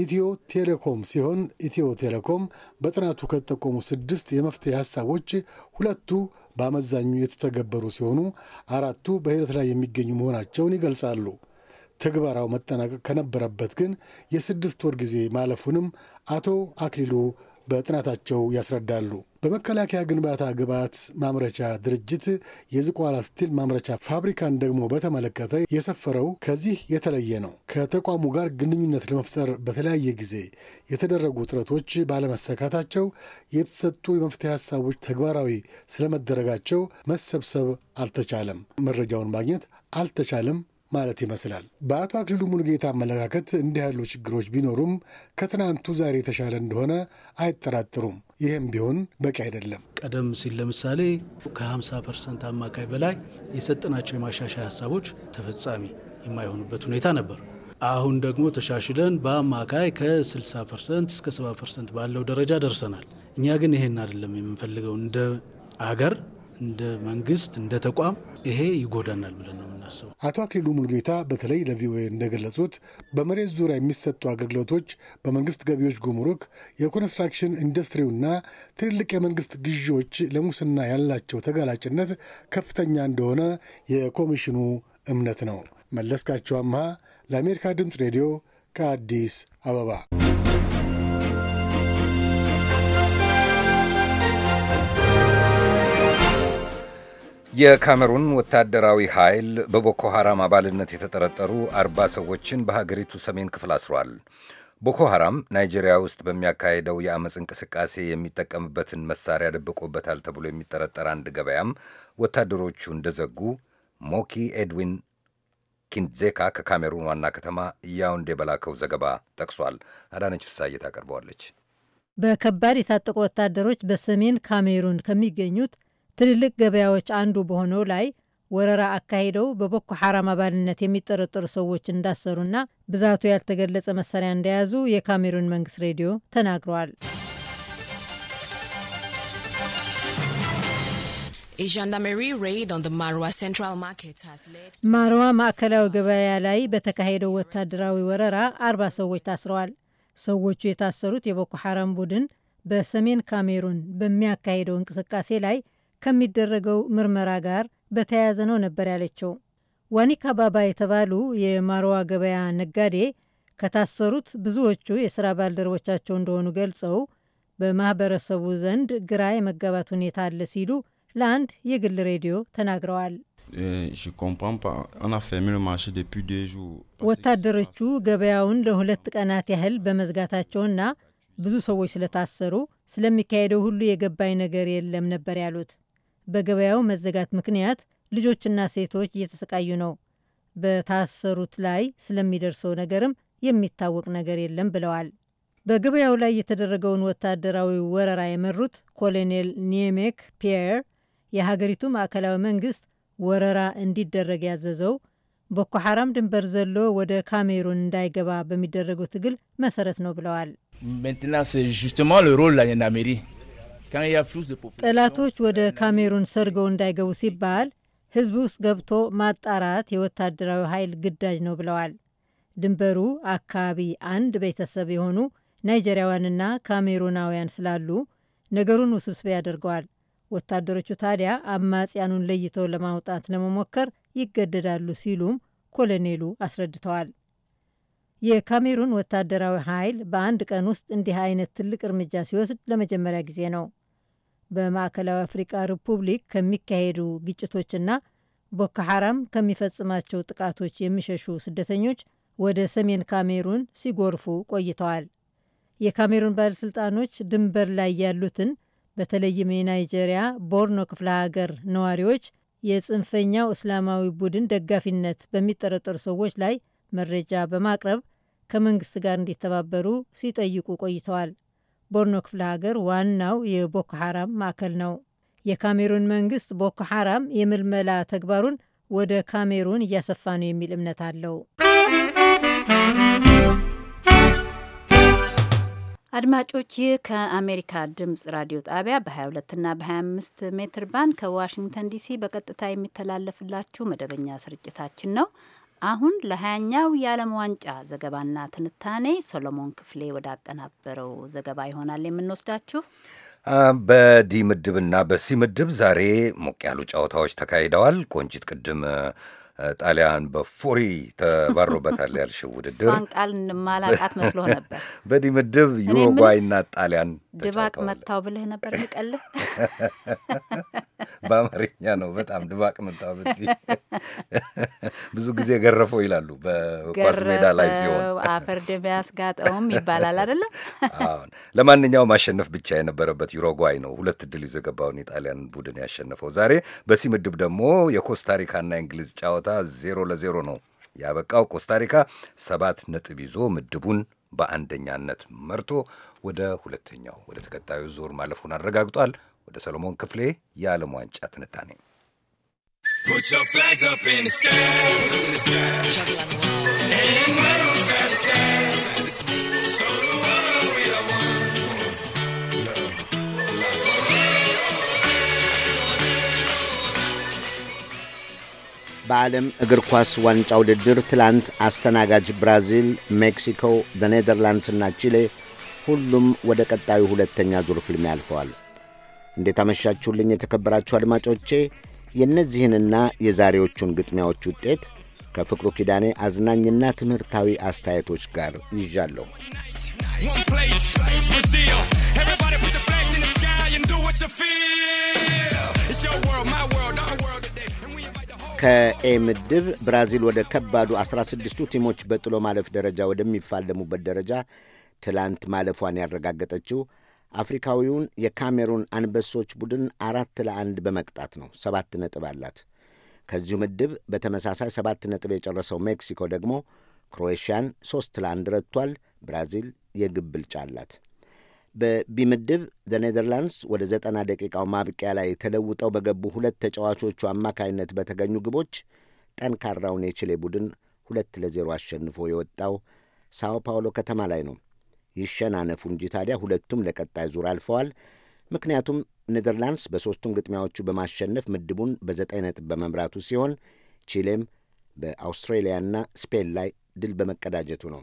ኢትዮ ቴሌኮም ሲሆን ኢትዮ ቴሌኮም በጥናቱ ከተጠቆሙ ስድስት የመፍትሄ ሀሳቦች ሁለቱ በአመዛኙ የተተገበሩ ሲሆኑ አራቱ በሂደት ላይ የሚገኙ መሆናቸውን ይገልጻሉ። ትግበራው መጠናቀቅ ከነበረበት ግን የስድስት ወር ጊዜ ማለፉንም አቶ አክሊሉ በጥናታቸው ያስረዳሉ። በመከላከያ ግንባታ ግብዓት ማምረቻ ድርጅት የዝቋላ ስቲል ማምረቻ ፋብሪካን ደግሞ በተመለከተ የሰፈረው ከዚህ የተለየ ነው። ከተቋሙ ጋር ግንኙነት ለመፍጠር በተለያየ ጊዜ የተደረጉ ጥረቶች ባለመሰካታቸው የተሰጡ የመፍትሄ ሀሳቦች ተግባራዊ ስለመደረጋቸው መሰብሰብ አልተቻለም፣ መረጃውን ማግኘት አልተቻለም ማለት ይመስላል። በአቶ አክሊሉ ሙሉጌታ አመለካከት እንዲህ ያሉ ችግሮች ቢኖሩም ከትናንቱ ዛሬ የተሻለ እንደሆነ አይጠራጥሩም። ይህም ቢሆን በቂ አይደለም። ቀደም ሲል ለምሳሌ ከ50 ፐርሰንት አማካይ በላይ የሰጠናቸው የማሻሻያ ሀሳቦች ተፈጻሚ የማይሆኑበት ሁኔታ ነበር። አሁን ደግሞ ተሻሽለን በአማካይ ከ60 ፐርሰንት እስከ 70 ፐርሰንት ባለው ደረጃ ደርሰናል። እኛ ግን ይሄን አይደለም የምንፈልገው እንደ አገር እንደ መንግስት እንደ ተቋም ይሄ ይጎዳናል ብለን ነው የማስበው። አቶ አክሊሉ ሙልጌታ በተለይ ለቪኦኤ እንደገለጹት በመሬት ዙሪያ የሚሰጡ አገልግሎቶች በመንግስት ገቢዎች ጉምሩክ፣ የኮንስትራክሽን ኢንዱስትሪውና ትልልቅ የመንግስት ግዢዎች ለሙስና ያላቸው ተጋላጭነት ከፍተኛ እንደሆነ የኮሚሽኑ እምነት ነው። መለስካቸው አምሃ ለአሜሪካ ድምፅ ሬዲዮ ከአዲስ አበባ የካሜሩን ወታደራዊ ኃይል በቦኮ ሐራም አባልነት የተጠረጠሩ አርባ ሰዎችን በሀገሪቱ ሰሜን ክፍል አስሯል። ቦኮ ሐራም ናይጄሪያ ውስጥ በሚያካሄደው የአመፅ እንቅስቃሴ የሚጠቀምበትን መሳሪያ ደብቆበታል ተብሎ የሚጠረጠር አንድ ገበያም ወታደሮቹ እንደዘጉ ሞኪ ኤድዊን ኪንዜካ ከካሜሩን ዋና ከተማ ያውንዴ በላከው ዘገባ ጠቅሷል። አዳነች ፍሳዬ ታቀርበዋለች። በከባድ የታጠቁ ወታደሮች በሰሜን ካሜሩን ከሚገኙት ትልልቅ ገበያዎች አንዱ በሆነው ላይ ወረራ አካሂደው በቦኮ ሐራም አባልነት የሚጠረጠሩ ሰዎች እንዳሰሩና ብዛቱ ያልተገለጸ መሳሪያ እንደያዙ የካሜሩን መንግስት ሬዲዮ ተናግረዋል። ማርዋ ማዕከላዊ ገበያ ላይ በተካሄደው ወታደራዊ ወረራ አርባ ሰዎች ታስረዋል። ሰዎቹ የታሰሩት የቦኮ ሐራም ቡድን በሰሜን ካሜሩን በሚያካሂደው እንቅስቃሴ ላይ ከሚደረገው ምርመራ ጋር በተያያዘ ነው ነበር ያለችው። ዋኒካ ባባ የተባሉ የማሮዋ ገበያ ነጋዴ ከታሰሩት ብዙዎቹ የሥራ ባልደረቦቻቸው እንደሆኑ ገልጸው በማኅበረሰቡ ዘንድ ግራ የመጋባት ሁኔታ አለ ሲሉ ለአንድ የግል ሬዲዮ ተናግረዋል። eh, ወታደሮቹ ገበያውን ለሁለት ቀናት ያህል በመዝጋታቸውና ብዙ ሰዎች ስለታሰሩ ስለሚካሄደው ሁሉ የገባኝ ነገር የለም ነበር ያሉት። በገበያው መዘጋት ምክንያት ልጆችና ሴቶች እየተሰቃዩ ነው። በታሰሩት ላይ ስለሚደርሰው ነገርም የሚታወቅ ነገር የለም ብለዋል። በገበያው ላይ የተደረገውን ወታደራዊ ወረራ የመሩት ኮሎኔል ኒሜክ ፒየር የሀገሪቱ ማዕከላዊ መንግስት ወረራ እንዲደረግ ያዘዘው ቦኮ ሐራም ድንበር ዘሎ ወደ ካሜሩን እንዳይገባ በሚደረገው ትግል መሰረት ነው ብለዋል። ጠላቶች ወደ ካሜሩን ሰርገው እንዳይገቡ ሲባል ህዝብ ውስጥ ገብቶ ማጣራት የወታደራዊ ኃይል ግዳጅ ነው ብለዋል። ድንበሩ አካባቢ አንድ ቤተሰብ የሆኑ ናይጄሪያውያንና ካሜሩናውያን ስላሉ ነገሩን ውስብስብ ያደርገዋል። ወታደሮቹ ታዲያ አማጽያኑን ለይተው ለማውጣት ለመሞከር ይገደዳሉ ሲሉም ኮሎኔሉ አስረድተዋል። የካሜሩን ወታደራዊ ኃይል በአንድ ቀን ውስጥ እንዲህ አይነት ትልቅ እርምጃ ሲወስድ ለመጀመሪያ ጊዜ ነው። በማዕከላዊ አፍሪቃ ሪፑብሊክ ከሚካሄዱ ግጭቶችና ቦኮ ሐራም ከሚፈጽማቸው ጥቃቶች የሚሸሹ ስደተኞች ወደ ሰሜን ካሜሩን ሲጎርፉ ቆይተዋል። የካሜሩን ባለሥልጣኖች ድንበር ላይ ያሉትን በተለይም የናይጄሪያ ቦርኖ ክፍለ ሀገር ነዋሪዎች የጽንፈኛው እስላማዊ ቡድን ደጋፊነት በሚጠረጠሩ ሰዎች ላይ መረጃ በማቅረብ ከመንግስት ጋር እንዲተባበሩ ሲጠይቁ ቆይተዋል። ቦርኖ ክፍለ ሀገር ዋናው የቦኮ ሐራም ማዕከል ነው። የካሜሩን መንግስት ቦኮ ሐራም የምልመላ ተግባሩን ወደ ካሜሩን እያሰፋ ነው የሚል እምነት አለው። አድማጮች ይህ ከአሜሪካ ድምጽ ራዲዮ ጣቢያ በ22 እና በ25 ሜትር ባንድ ከዋሽንግተን ዲሲ በቀጥታ የሚተላለፍላችሁ መደበኛ ስርጭታችን ነው። አሁን ለሀያኛው የዓለም ዋንጫ ዘገባና ትንታኔ ሶሎሞን ክፍሌ ወዳቀናበረው ዘገባ ይሆናል የምንወስዳችሁ። በዲ ምድብና በሲ ምድብ ዛሬ ሞቅ ያሉ ጨዋታዎች ተካሂደዋል። ቆንጂት ቅድም ጣሊያን በፎሪ ተባሮበታል ያልሽው ውድድር ሷን ቃል እንማላቃት መስሎ ነበር። በዲ ምድብ ዩሩጓይና ጣሊያን ድባቅ መታው ብለህ ነበር የሚቀልህ። በአማርኛ ነው በጣም ድባቅ መታው ብቲ ብዙ ጊዜ ገረፈው ይላሉ በኳስ ሜዳ ላይ ሲሆን አፈር ድሜ ይባላል አይደለም። አሁን ለማንኛውም ማሸነፍ ብቻ የነበረበት ዩሮጓይ ነው ሁለት እድል ይዞ የገባውን የጣሊያን ቡድን ያሸነፈው። ዛሬ በሲ ምድብ ደግሞ የኮስታሪካና እንግሊዝ ጨዋታ ዜሮ ለዜሮ ነው ያበቃው። ኮስታሪካ ሰባት ነጥብ ይዞ ምድቡን በአንደኛነት መርቶ ወደ ሁለተኛው ወደ ተከታዩ ዙር ማለፉን አረጋግጧል። ወደ ሰሎሞን ክፍሌ የዓለም ዋንጫ ትንታኔ Put በዓለም እግር ኳስ ዋንጫ ውድድር ትላንት አስተናጋጅ ብራዚል፣ ሜክሲኮ፣ ኔዘርላንድስ እና ቺሌ ሁሉም ወደ ቀጣዩ ሁለተኛ ዙር ፍልሚያ አልፈዋል። እንዴት አመሻችሁልኝ የተከበራችሁ አድማጮቼ። የእነዚህንና የዛሬዎቹን ግጥሚያዎች ውጤት ከፍቅሩ ኪዳኔ አዝናኝና ትምህርታዊ አስተያየቶች ጋር ይዣለሁ። ከኤ ምድብ ብራዚል ወደ ከባዱ 16ቱ ቲሞች በጥሎ ማለፍ ደረጃ ወደሚፋለሙበት ደረጃ ትላንት ማለፏን ያረጋገጠችው አፍሪካዊውን የካሜሩን አንበሶች ቡድን አራት ለአንድ በመቅጣት ነው። ሰባት ነጥብ አላት። ከዚሁ ምድብ በተመሳሳይ ሰባት ነጥብ የጨረሰው ሜክሲኮ ደግሞ ክሮኤሽያን ሦስት ለአንድ ረቷል ብራዚል የግብ ብልጫ አላት። በቢ ምድብ ዘኔዘርላንድስ ወደ ዘጠና ደቂቃው ማብቂያ ላይ ተለውጠው በገቡ ሁለት ተጫዋቾቹ አማካይነት በተገኙ ግቦች ጠንካራውን የቺሌ ቡድን ሁለት ለዜሮ አሸንፎ የወጣው ሳኦ ፓውሎ ከተማ ላይ ነው። ይሸናነፉ እንጂ ታዲያ ሁለቱም ለቀጣይ ዙር አልፈዋል። ምክንያቱም ኔዘርላንድስ በሦስቱም ግጥሚያዎቹ በማሸነፍ ምድቡን በዘጠኝ ነጥብ በመምራቱ ሲሆን ቺሌም በአውስትሬሊያና ስፔን ላይ ድል በመቀዳጀቱ ነው።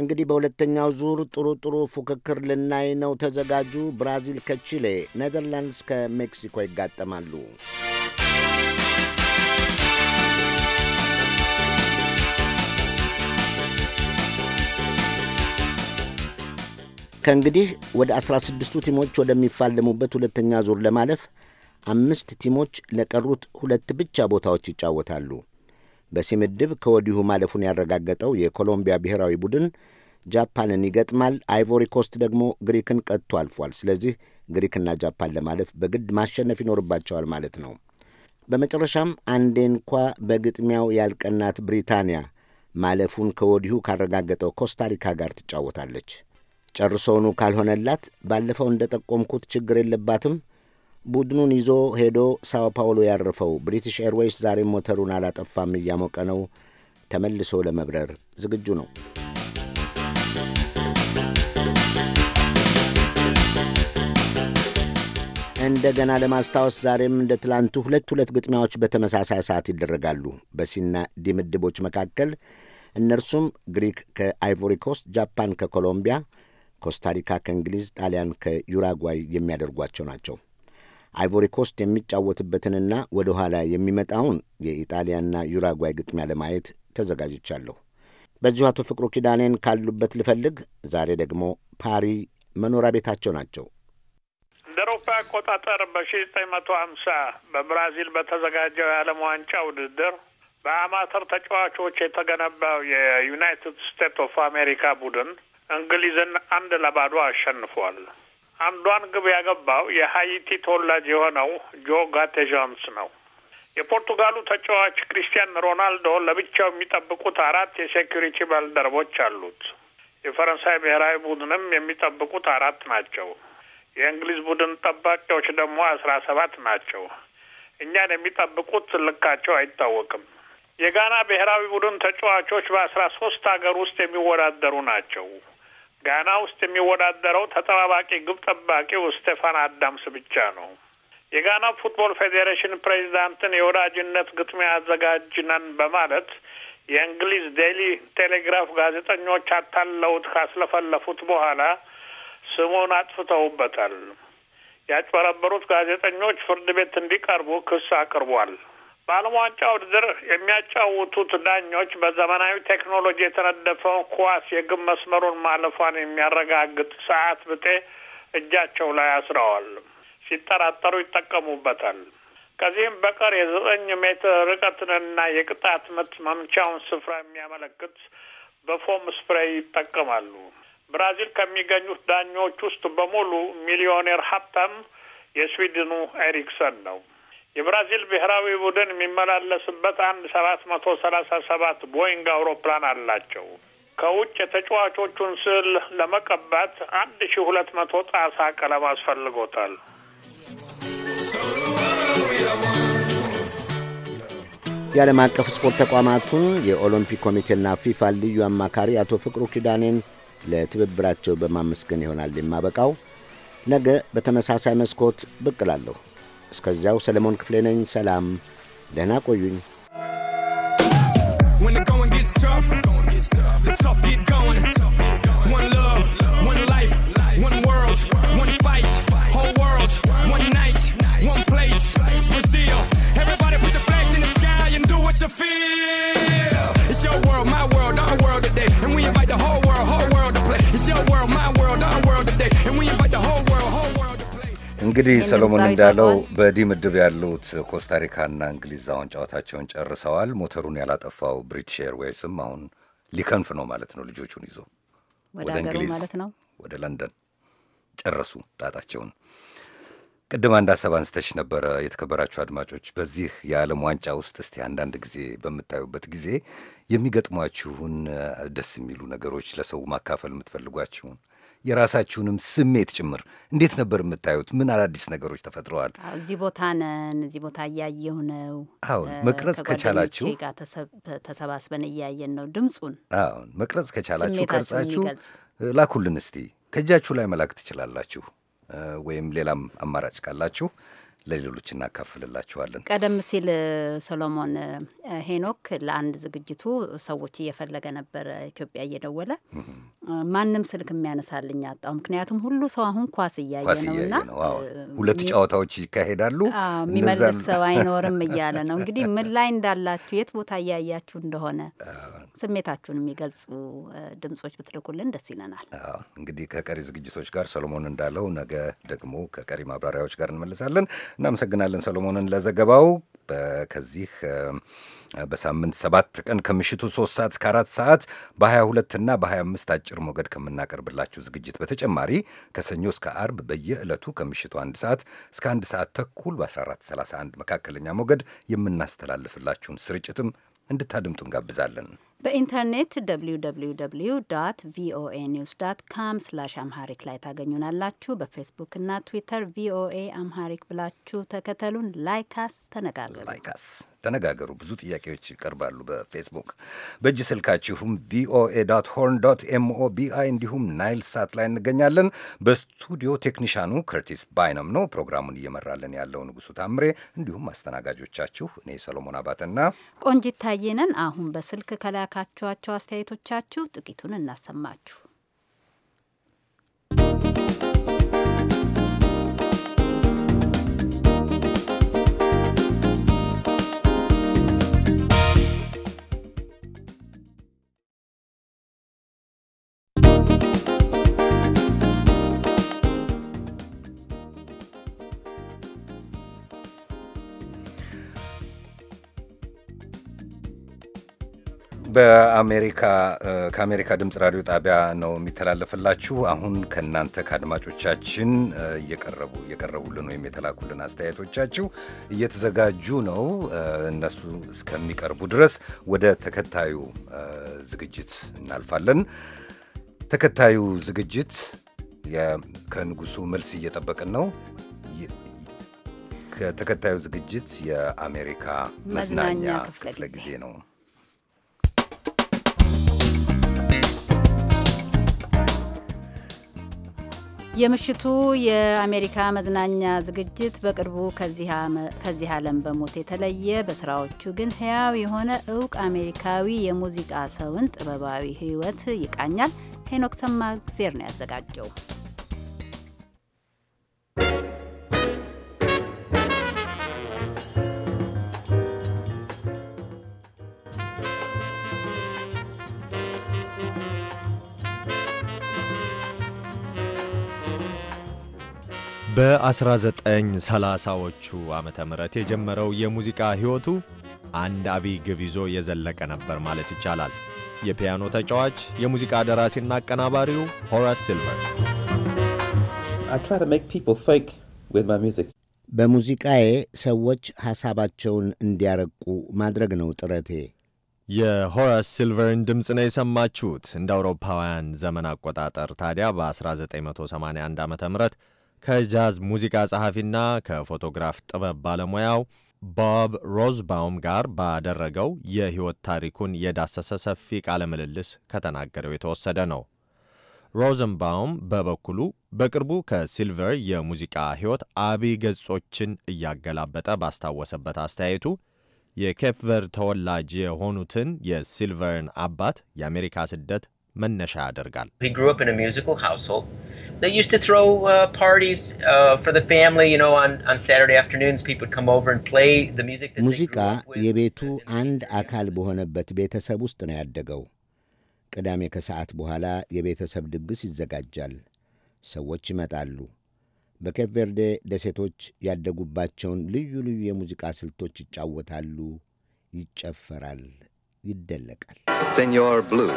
እንግዲህ በሁለተኛው ዙር ጥሩ ጥሩ ፉክክር ልናይ ነው። ተዘጋጁ። ብራዚል ከቺሌ፣ ኔዘርላንድስ ከሜክሲኮ ይጋጠማሉ። ከእንግዲህ ወደ 16ቱ ቲሞች ወደሚፋለሙበት ሁለተኛ ዙር ለማለፍ አምስት ቲሞች ለቀሩት ሁለት ብቻ ቦታዎች ይጫወታሉ። በሲ ምድብ ከወዲሁ ማለፉን ያረጋገጠው የኮሎምቢያ ብሔራዊ ቡድን ጃፓንን ይገጥማል። አይቮሪ ኮስት ደግሞ ግሪክን ቀጥቶ አልፏል። ስለዚህ ግሪክና ጃፓን ለማለፍ በግድ ማሸነፍ ይኖርባቸዋል ማለት ነው። በመጨረሻም አንዴ እንኳ በግጥሚያው ያልቀናት ብሪታንያ ማለፉን ከወዲሁ ካረጋገጠው ኮስታሪካ ጋር ትጫወታለች። ጨርሶውኑ ካልሆነላት ባለፈው እንደ ጠቆምኩት ችግር የለባትም። ቡድኑን ይዞ ሄዶ ሳው ፓውሎ ያረፈው ብሪቲሽ ኤርዌይስ ዛሬም ሞተሩን አላጠፋም፣ እያሞቀ ነው። ተመልሶ ለመብረር ዝግጁ ነው። እንደገና ለማስታወስ ዛሬም እንደ ትላንቱ ሁለት ሁለት ግጥሚያዎች በተመሳሳይ ሰዓት ይደረጋሉ በሲና ዲ ምድቦች መካከል እነርሱም ግሪክ ከአይቮሪ ኮስት፣ ጃፓን ከኮሎምቢያ፣ ኮስታሪካ ከእንግሊዝ፣ ጣሊያን ከዩራጓይ የሚያደርጓቸው ናቸው። አይቮሪኮስት የሚጫወትበትንና ወደ ኋላ የሚመጣውን የኢጣሊያና ዩራጓይ ግጥሚያ ለማየት ተዘጋጅቻለሁ። በዚሁ አቶ ፍቅሩ ኪዳኔን ካሉበት ልፈልግ። ዛሬ ደግሞ ፓሪ መኖሪያ ቤታቸው ናቸው። እንደ አውሮፓ አቆጣጠር በሺ ዘጠኝ መቶ ሀምሳ በብራዚል በተዘጋጀው የዓለም ዋንጫ ውድድር በአማተር ተጫዋቾች የተገነባው የዩናይትድ ስቴትስ ኦፍ አሜሪካ ቡድን እንግሊዝን አንድ ለባዶ አሸንፏል። አንዷን ግብ ያገባው የሀይቲ ተወላጅ የሆነው ጆ ጋቴዣንስ ነው። የፖርቱጋሉ ተጫዋች ክሪስቲያን ሮናልዶ ለብቻው የሚጠብቁት አራት የሴኪሪቲ ባልደረቦች አሉት። የፈረንሳይ ብሔራዊ ቡድንም የሚጠብቁት አራት ናቸው። የእንግሊዝ ቡድን ጠባቂዎች ደግሞ አስራ ሰባት ናቸው። እኛን የሚጠብቁት ልካቸው አይታወቅም። የጋና ብሔራዊ ቡድን ተጫዋቾች በአስራ ሶስት ሀገር ውስጥ የሚወዳደሩ ናቸው። ጋና ውስጥ የሚወዳደረው ተጠባባቂ ግብ ጠባቂው ስቴፋን አዳምስ ብቻ ነው። የጋና ፉትቦል ፌዴሬሽን ፕሬዚዳንትን የወዳጅነት ግጥሚያ አዘጋጅነን በማለት የእንግሊዝ ዴይሊ ቴሌግራፍ ጋዜጠኞች አታለውት ካስለፈለፉት በኋላ ስሙን አጥፍተውበታል። ያጭበረበሩት ጋዜጠኞች ፍርድ ቤት እንዲቀርቡ ክስ አቅርቧል። በዓለም ውድድር የሚያጫውቱት ዳኞች በዘመናዊ ቴክኖሎጂ የተነደፈውን ኳስ የግብ መስመሩን ማለፏን የሚያረጋግጥ ሰዓት ብጤ እጃቸው ላይ አስረዋል። ሲጠራጠሩ ይጠቀሙበታል። ከዚህም በቀር የዘጠኝ ሜትር ርቀትንና የቅጣት ምት መምቻውን ስፍራ የሚያመለክት በፎም ስፕሬይ ይጠቀማሉ። ብራዚል ከሚገኙት ዳኞች ውስጥ በሙሉ ሚሊዮኔር ሀብታም የስዊድኑ ኤሪክሰን ነው። የብራዚል ብሔራዊ ቡድን የሚመላለስበት አንድ ሰባት መቶ ሰላሳ ሰባት ቦይንግ አውሮፕላን አላቸው። ከውጭ የተጫዋቾቹን ስዕል ለመቀባት አንድ ሺ ሁለት መቶ ጣሳ ቀለም አስፈልጎታል። የዓለም አቀፍ ስፖርት ተቋማቱን የኦሎምፒክ ኮሚቴና ፊፋ ልዩ አማካሪ አቶ ፍቅሩ ኪዳኔን ለትብብራቸው በማመስገን ይሆናል የማበቃው። ነገ በተመሳሳይ መስኮት ብቅ እላለሁ። እስከዚያው ሰለሞን ክፍሌ ነኝ። ሰላም፣ ደህና ቆዩኝ። the whole እንግዲህ ሰሎሞን እንዳለው በዲ ምድብ ያሉት ኮስታሪካና እንግሊዝ አሁን ጨዋታቸውን ጨርሰዋል። ሞተሩን ያላጠፋው ብሪቲሽ ኤርዌይስም አሁን ሊከንፍ ነው ማለት ነው። ልጆቹን ይዞ ወደ እንግሊዝ ወደ ለንደን ጨረሱ ጣጣቸውን። ቅድም አንድ አሰብ አንስተሽ ነበረ የተከበራችሁ አድማጮች፣ በዚህ የዓለም ዋንጫ ውስጥ እስቲ አንዳንድ ጊዜ በምታዩበት ጊዜ የሚገጥሟችሁን ደስ የሚሉ ነገሮች ለሰው ማካፈል የምትፈልጓችሁን የራሳችሁንም ስሜት ጭምር እንዴት ነበር የምታዩት? ምን አዳዲስ ነገሮች ተፈጥረዋል? እዚህ ቦታ ነን፣ እዚህ ቦታ እያየሁ ነው። አሁን መቅረጽ ከቻላችሁ ተሰባስበን እያየን ነው። ድምፁን አሁን መቅረጽ ከቻላችሁ ቀርጻችሁ ላኩልን እስቲ። ከእጃችሁ ላይ መላክ ትችላላችሁ፣ ወይም ሌላም አማራጭ ካላችሁ ለሌሎች እናካፍልላችኋለን። ቀደም ሲል ሰሎሞን ሄኖክ ለአንድ ዝግጅቱ ሰዎች እየፈለገ ነበረ ኢትዮጵያ እየደወለ ማንም ስልክ የሚያነሳልኝ አጣው። ምክንያቱም ሁሉ ሰው አሁን ኳስ እያየ እና ሁለት ጨዋታዎች ይካሄዳሉ የሚመልስ ሰው አይኖርም እያለ ነው። እንግዲህ ምን ላይ እንዳላችሁ የት ቦታ እያያችሁ እንደሆነ ስሜታችሁን የሚገልጹ ድምጾች ብትልኩልን ደስ ይለናል። እንግዲህ ከቀሪ ዝግጅቶች ጋር ሰሎሞን እንዳለው ነገ ደግሞ ከቀሪ ማብራሪያዎች ጋር እንመልሳለን። እናመሰግናለን ሰሎሞንን ለዘገባው ከዚህ በሳምንት ሰባት ቀን ከምሽቱ ሶስት ሰዓት እስከ አራት ሰዓት በ22 እና በ25 አጭር ሞገድ ከምናቀርብላችሁ ዝግጅት በተጨማሪ ከሰኞ እስከ አርብ በየዕለቱ ከምሽቱ አንድ ሰዓት እስከ አንድ ሰዓት ተኩል በ1431 መካከለኛ ሞገድ የምናስተላልፍላችሁን ስርጭትም እንድታድምጡ እንጋብዛለን። በኢንተርኔት www ቪኦኤ ኒውስ ዳት ካም ስላሽ አምሃሪክ ላይ ታገኙናላችሁ። በፌስቡክ እና ትዊተር ቪኦኤ አምሃሪክ ብላችሁ ተከተሉን። ላይካስ ተነጋገሩ። ላይካስ ተነጋገሩ። ብዙ ጥያቄዎች ይቀርባሉ። በፌስቡክ በእጅ ስልካችሁም ቪኦኤ ዶት ሆርን ዶት ኤምኦቢአይ እንዲሁም ናይል ሳት ላይ እንገኛለን። በስቱዲዮ ቴክኒሻኑ ከርቲስ ባይነም ነው። ፕሮግራሙን እየመራልን ያለው ንጉሱ ታምሬ፣ እንዲሁም አስተናጋጆቻችሁ እኔ ሰሎሞን አባተና ቆንጂት ታየነን። አሁን በስልክ ከላካችኋቸው አስተያየቶቻችሁ ጥቂቱን እናሰማችሁ። በአሜሪካ ከአሜሪካ ድምፅ ራዲዮ ጣቢያ ነው የሚተላለፍላችሁ። አሁን ከእናንተ ከአድማጮቻችን እየቀረቡ እየቀረቡልን ወይም የተላኩልን አስተያየቶቻችሁ እየተዘጋጁ ነው። እነሱ እስከሚቀርቡ ድረስ ወደ ተከታዩ ዝግጅት እናልፋለን። ተከታዩ ዝግጅት ከንጉሱ መልስ እየጠበቅን ነው። ከተከታዩ ዝግጅት የአሜሪካ መዝናኛ ክፍለ ጊዜ ነው። የምሽቱ የአሜሪካ መዝናኛ ዝግጅት በቅርቡ ከዚህ ዓለም በሞት የተለየ በስራዎቹ ግን ህያው የሆነ እውቅ አሜሪካዊ የሙዚቃ ሰውን ጥበባዊ ህይወት ይቃኛል። ሄኖክ ሰማግዜር ነው ያዘጋጀው። በ1930ዎቹ ዓመተ ምህረት የጀመረው የሙዚቃ ሕይወቱ አንድ አብይ ግብ ይዞ የዘለቀ ነበር ማለት ይቻላል። የፒያኖ ተጫዋች፣ የሙዚቃ ደራሲና አቀናባሪው ሆራስ ሲልቨር በሙዚቃዬ ሰዎች ሐሳባቸውን እንዲያረቁ ማድረግ ነው ጥረቴ። የሆራስ ሲልቨርን ድምፅ ነው የሰማችሁት። እንደ አውሮፓውያን ዘመን አቆጣጠር ታዲያ በ1981 ዓ ም ከጃዝ ሙዚቃ ጸሐፊና ከፎቶግራፍ ጥበብ ባለሙያው ቦብ ሮዝባውም ጋር ባደረገው የሕይወት ታሪኩን የዳሰሰ ሰፊ ቃለ ምልልስ ከተናገረው የተወሰደ ነው። ሮዝንባውም በበኩሉ በቅርቡ ከሲልቨር የሙዚቃ ሕይወት አብይ ገጾችን እያገላበጠ ባስታወሰበት አስተያየቱ የኬፕቨር ተወላጅ የሆኑትን የሲልቨርን አባት የአሜሪካ ስደት መነሻ ያደርጋል። they used to throw uh, parties uh, for the family, you know, on, on Saturday afternoons people would come over and play the music that ሙዚቃ የቤቱ አንድ አካል በሆነበት ቤተሰብ ውስጥ ነው ያደገው። ቅዳሜ ከሰዓት በኋላ የቤተሰብ ድግስ ይዘጋጃል። ሰዎች ይመጣሉ። በኬፕቨርዴ ደሴቶች ያደጉባቸውን ልዩ ልዩ የሙዚቃ ስልቶች ይጫወታሉ፣ ይጨፈራል ይደለቃል። ሴኒዮር ብሉዝ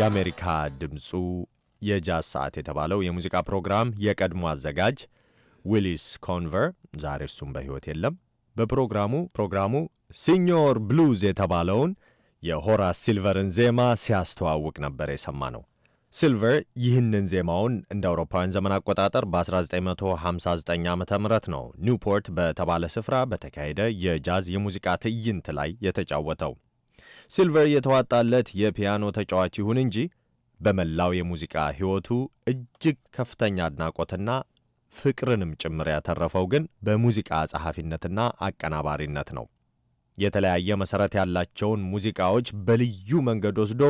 የአሜሪካ ድምፁ የጃዝ ሰዓት የተባለው የሙዚቃ ፕሮግራም የቀድሞ አዘጋጅ ዊሊስ ኮንቨር ዛሬ እሱም በሕይወት የለም። በፕሮግራሙ ፕሮግራሙ ሲኞር ብሉዝ የተባለውን የሆራስ ሲልቨርን ዜማ ሲያስተዋውቅ ነበር የሰማ ነው። ሲልቨር ይህንን ዜማውን እንደ አውሮፓውያን ዘመን አቆጣጠር በ1959 ዓ ም ነው ኒውፖርት በተባለ ስፍራ በተካሄደ የጃዝ የሙዚቃ ትዕይንት ላይ የተጫወተው። ሲልቨር የተዋጣለት የፒያኖ ተጫዋች ይሁን እንጂ በመላው የሙዚቃ ሕይወቱ እጅግ ከፍተኛ አድናቆትና ፍቅርንም ጭምር ያተረፈው ግን በሙዚቃ ጸሐፊነትና አቀናባሪነት ነው። የተለያየ መሠረት ያላቸውን ሙዚቃዎች በልዩ መንገድ ወስዶ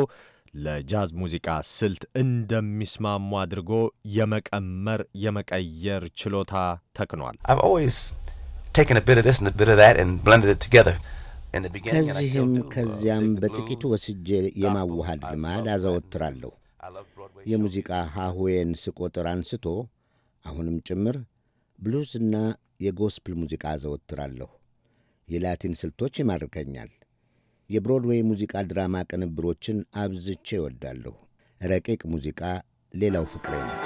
ለጃዝ ሙዚቃ ስልት እንደሚስማሙ አድርጎ የመቀመር የመቀየር ችሎታ ተክኗል። ከዚህም uh, ከዚያም በጥቂቱ ወስጄ የማዋሃድ ልማድ አዘወትራለሁ። የሙዚቃ ሀሁዌን ስቆጥር አንስቶ አሁንም ጭምር ብሉዝና የጎስፕል ሙዚቃ አዘወትራለሁ። የላቲን ስልቶች ይማርከኛል። የብሮድዌይ ሙዚቃ ድራማ ቅንብሮችን አብዝቼ እወዳለሁ። ረቂቅ ሙዚቃ ሌላው ፍቅሬ ነው።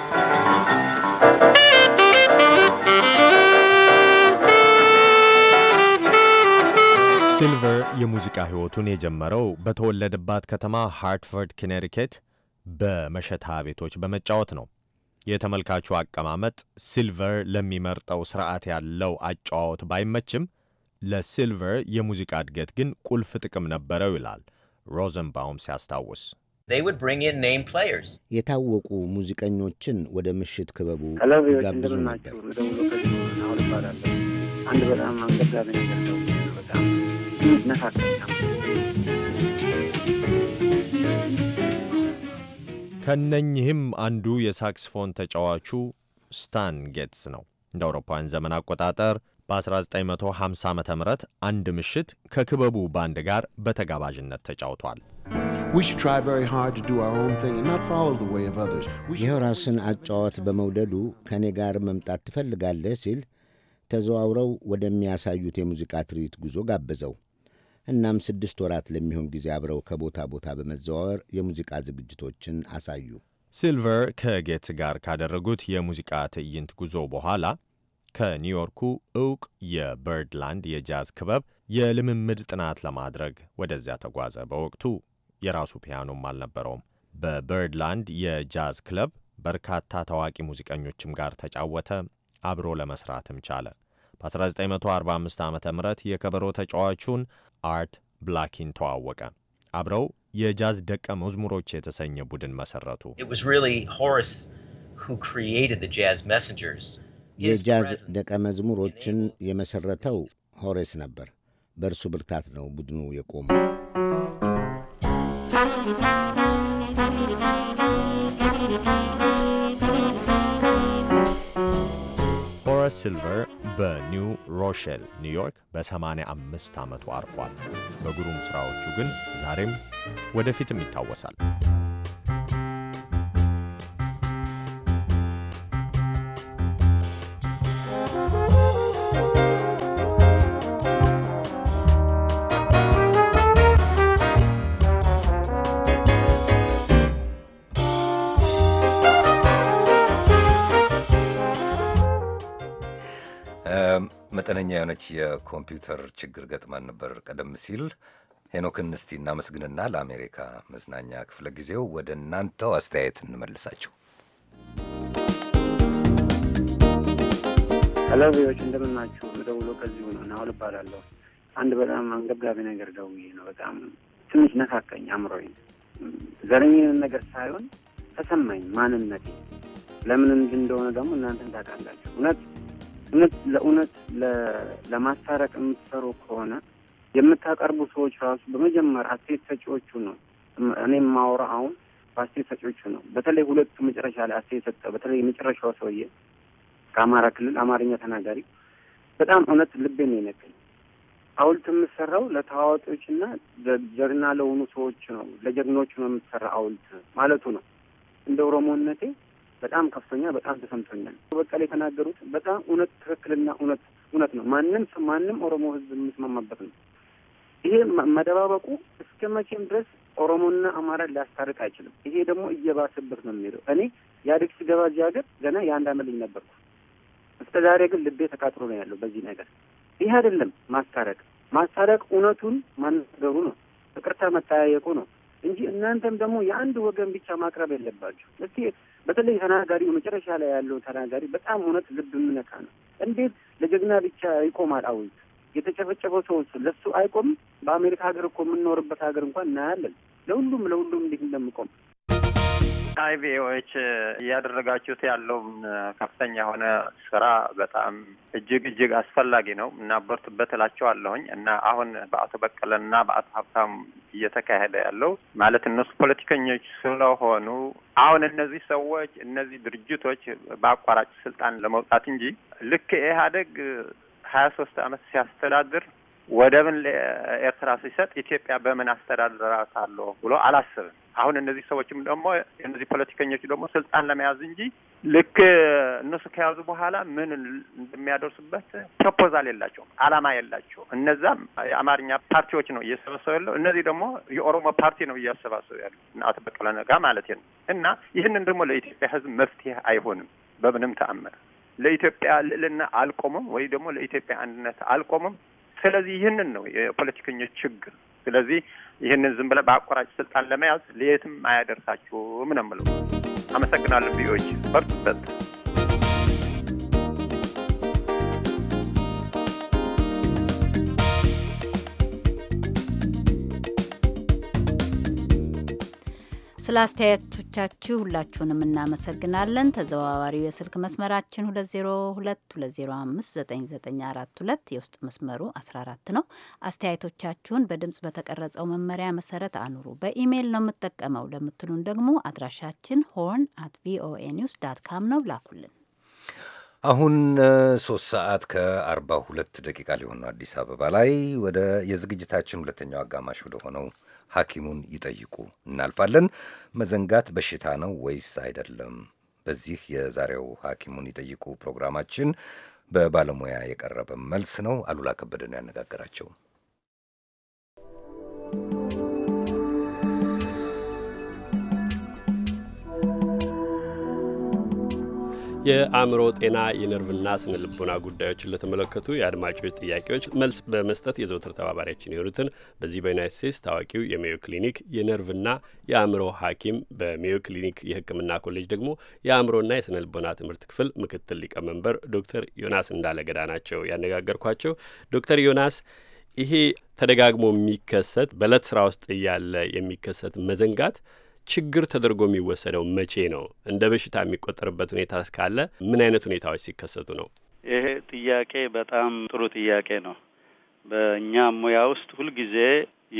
ሲልቨር የሙዚቃ ሕይወቱን የጀመረው በተወለደባት ከተማ ሃርትፈርድ ኪኔሪኬት በመሸታ ቤቶች በመጫወት ነው። የተመልካቹ አቀማመጥ ሲልቨር ለሚመርጠው ስርዓት ያለው አጨዋወት ባይመችም ለሲልቨር የሙዚቃ እድገት ግን ቁልፍ ጥቅም ነበረው ይላል ሮዘንባውም ሲያስታውስ የታወቁ ሙዚቀኞችን ወደ ምሽት ክበቡ ጋብዙ ነበር። አንድ በጣም አንገብጋቢ ነገር ነው። በጣም አንዱ የሳክስፎን ተጫዋቹ ስታን ጌትስ ነው። እንደ አውሮፓውያን ዘመን አቆጣጠር በ1950 ዓ ም አንድ ምሽት ከክበቡ ባንድ ጋር በተጋባዥነት ተጫውቷል። ይኸው ራስን አጫዋት በመውደዱ ከእኔ ጋር መምጣት ትፈልጋለህ ሲል ተዘዋውረው ወደሚያሳዩት የሙዚቃ ትርኢት ጉዞ ጋበዘው። እናም ስድስት ወራት ለሚሆን ጊዜ አብረው ከቦታ ቦታ በመዘዋወር የሙዚቃ ዝግጅቶችን አሳዩ። ሲልቨር ከጌትስ ጋር ካደረጉት የሙዚቃ ትዕይንት ጉዞ በኋላ ከኒውዮርኩ እውቅ የበርድላንድ የጃዝ ክበብ የልምምድ ጥናት ለማድረግ ወደዚያ ተጓዘ። በወቅቱ የራሱ ፒያኖም አልነበረውም። በበርድላንድ የጃዝ ክለብ በርካታ ታዋቂ ሙዚቀኞችም ጋር ተጫወተ። አብሮ ለመስራትም ቻለ። በ1945 ዓ ም የከበሮ ተጫዋቹን አርት ብላኪን ተዋወቀ። አብረው የጃዝ ደቀ መዝሙሮች የተሰኘ ቡድን መሰረቱ። የጃዝ ደቀ መዝሙሮችን የመሠረተው ሆሬስ ነበር። በእርሱ ብርታት ነው ቡድኑ የቆሙ። ሆረስ ሲልቨር በኒው ሮሼል ኒውዮርክ በ85 ዓመቱ አርፏል። በግሩም ሥራዎቹ ግን ዛሬም ወደፊትም ይታወሳል። የሆነች የኮምፒውተር ችግር ገጥማን ነበር ቀደም ሲል። ሄኖክን እስቲ እናመስግንና ለአሜሪካ መዝናኛ ክፍለ ጊዜው ወደ እናንተው አስተያየት እንመልሳችሁ። ሀላቪዎች እንደምናችሁ። ደውሎ ከዚሁ ነው። ናሁል እባላለሁ። አንድ በጣም አንገብጋቢ ነገር ደውዬ ነው። በጣም ትንሽ ነካከኝ አእምሮዬን። ዘረኝነት ነገር ሳይሆን ተሰማኝ ማንነቴ ለምን እንደሆነ ደግሞ እናንተን ታውቃላችሁ እውነት እውነት ለእውነት ለማስታረቅ የምትሰሩ ከሆነ የምታቀርቡ ሰዎች ራሱ በመጀመሪያ አስተያየት ሰጪዎቹ ነው። እኔ የማወራ አሁን በአስተያየት ሰጪዎቹ ነው። በተለይ ሁለቱ መጨረሻ ላይ አስተያየት ሰጠ። በተለይ የመጨረሻው ሰውዬ ከአማራ ክልል አማርኛ ተናጋሪ በጣም እውነት ልቤ ነው የነቀኝ። ሐውልት የምሰራው ለታዋቂዎች እና ጀግና ለሆኑ ሰዎች ነው፣ ለጀግኖች ነው የምትሰራ ሐውልት ማለቱ ነው። እንደ ኦሮሞነቴ በጣም ከፍቶኛ፣ በጣም ተሰምቶኛል። በቀለ የተናገሩት በጣም እውነት ትክክልና እውነት እውነት ነው። ማንም ማንም ኦሮሞ ህዝብ የሚስማማበት ነው። ይሄ መደባበቁ እስከ መቼም ድረስ ኦሮሞና አማራ ሊያስታርቅ አይችልም። ይሄ ደግሞ እየባሰበት ነው የሚሄደው። እኔ ኢህአዴግ ስገባ እዚህ ሀገር ገና የአንድ አመት ልጅ ነበርኩ። እስከ ዛሬ ግን ልቤ ተቃጥሎ ነው ያለው በዚህ ነገር። ይህ አይደለም ማስታረቅ። ማስታረቅ እውነቱን ማናገሩ ነው፣ ይቅርታ መጠያየቁ ነው እንጂ እናንተም ደግሞ የአንድ ወገን ብቻ ማቅረብ የለባችሁ። እስቲ በተለይ ተናጋሪው መጨረሻ ላይ ያለው ተናጋሪ በጣም እውነት ልብ የምነካ ነው። እንዴት ለጀግና ብቻ ይቆማል? አውት የተጨፈጨፈው ሰዎች ለሱ አይቆምም። በአሜሪካ ሀገር እኮ የምንኖርበት ሀገር እንኳን እናያለን። ለሁሉም ለሁሉም እንዴት እንደምቆም አይ ቪኦኤች እያደረጋችሁት ያለውን ከፍተኛ የሆነ ስራ በጣም እጅግ እጅግ አስፈላጊ ነው እና በርቱበት እላቸዋለሁኝ እና አሁን በአቶ በቀለ እና በአቶ ሀብታም እየተካሄደ ያለው ማለት እነሱ ፖለቲከኞች ስለሆኑ አሁን እነዚህ ሰዎች እነዚህ ድርጅቶች በአቋራጭ ስልጣን ለመውጣት እንጂ ልክ ኢህአዴግ ሀያ ሶስት አመት ሲያስተዳድር ወደብን ኤርትራ ሲሰጥ ኢትዮጵያ በምን አስተዳድራታለሁ ብሎ አላስብም። አሁን እነዚህ ሰዎችም ደግሞ እነዚህ ፖለቲከኞች ደግሞ ስልጣን ለመያዝ እንጂ ልክ እነሱ ከያዙ በኋላ ምን እንደሚያደርሱበት ፕሮፖዛል የላቸውም፣ አላማ የላቸው እነዛም የአማርኛ ፓርቲዎች ነው እየሰበሰቡ ያለው፣ እነዚህ ደግሞ የኦሮሞ ፓርቲ ነው እያሰባሰቡ ያሉ አቶ በቀለ ነጋ ማለት ነው። እና ይህንን ደግሞ ለኢትዮጵያ ሕዝብ መፍትሄ አይሆንም በምንም ተአምር። ለኢትዮጵያ ልዕልና አልቆሙም ወይ ደግሞ ለኢትዮጵያ አንድነት አልቆሙም። ስለዚህ ይህንን ነው የፖለቲከኞች ችግር። ስለዚህ ይህንን ዝም ብለህ በአቋራጭ ስልጣን ለመያዝ ለየትም አያደርሳችሁም ነው የምለው። አመሰግናለሁ። በርቱበት። ስለ አስተያየቶቻችሁ ሁላችሁንም እናመሰግናለን። ተዘዋዋሪው የስልክ መስመራችን 2022059942 የውስጥ መስመሩ 14 ነው። አስተያየቶቻችሁን በድምፅ በተቀረጸው መመሪያ መሰረት አኑሩ። በኢሜይል ነው የምጠቀመው ለምትሉን ደግሞ አድራሻችን ሆርን አት ቪኦኤ ኒውስ ዳት ካም ነው፣ ላኩልን። አሁን ሶስት ሰዓት ከአርባ ሁለት ደቂቃ ሊሆን ነው አዲስ አበባ ላይ። ወደ የዝግጅታችን ሁለተኛው አጋማሽ ወደ ሆነው ሐኪሙን ይጠይቁ። እናልፋለን። መዘንጋት በሽታ ነው ወይስ አይደለም? በዚህ የዛሬው ሐኪሙን ይጠይቁ ፕሮግራማችን በባለሙያ የቀረበ መልስ ነው። አሉላ ከበደን ያነጋገራቸው። የአእምሮ ጤና የነርቭና ስነ ልቦና ጉዳዮችን ለተመለከቱ የአድማጮች ጥያቄዎች መልስ በመስጠት የዘውትር ተባባሪያችን የሆኑትን በዚህ በዩናይት ስቴትስ ታዋቂው የሜዮ ክሊኒክ የነርቭና የአእምሮ ሐኪም በሜዮ ክሊኒክ የሕክምና ኮሌጅ ደግሞ የአእምሮና የስነ ልቦና ትምህርት ክፍል ምክትል ሊቀመንበር ዶክተር ዮናስ እንዳለገዳ ናቸው ያነጋገርኳቸው። ዶክተር ዮናስ ይሄ ተደጋግሞ የሚከሰት በእለት ስራ ውስጥ እያለ የሚከሰት መዘንጋት ችግር ተደርጎ የሚወሰደው መቼ ነው? እንደ በሽታ የሚቆጠርበት ሁኔታ እስካለ ምን አይነት ሁኔታዎች ሲከሰቱ ነው? ይሄ ጥያቄ በጣም ጥሩ ጥያቄ ነው። በእኛ ሙያ ውስጥ ሁልጊዜ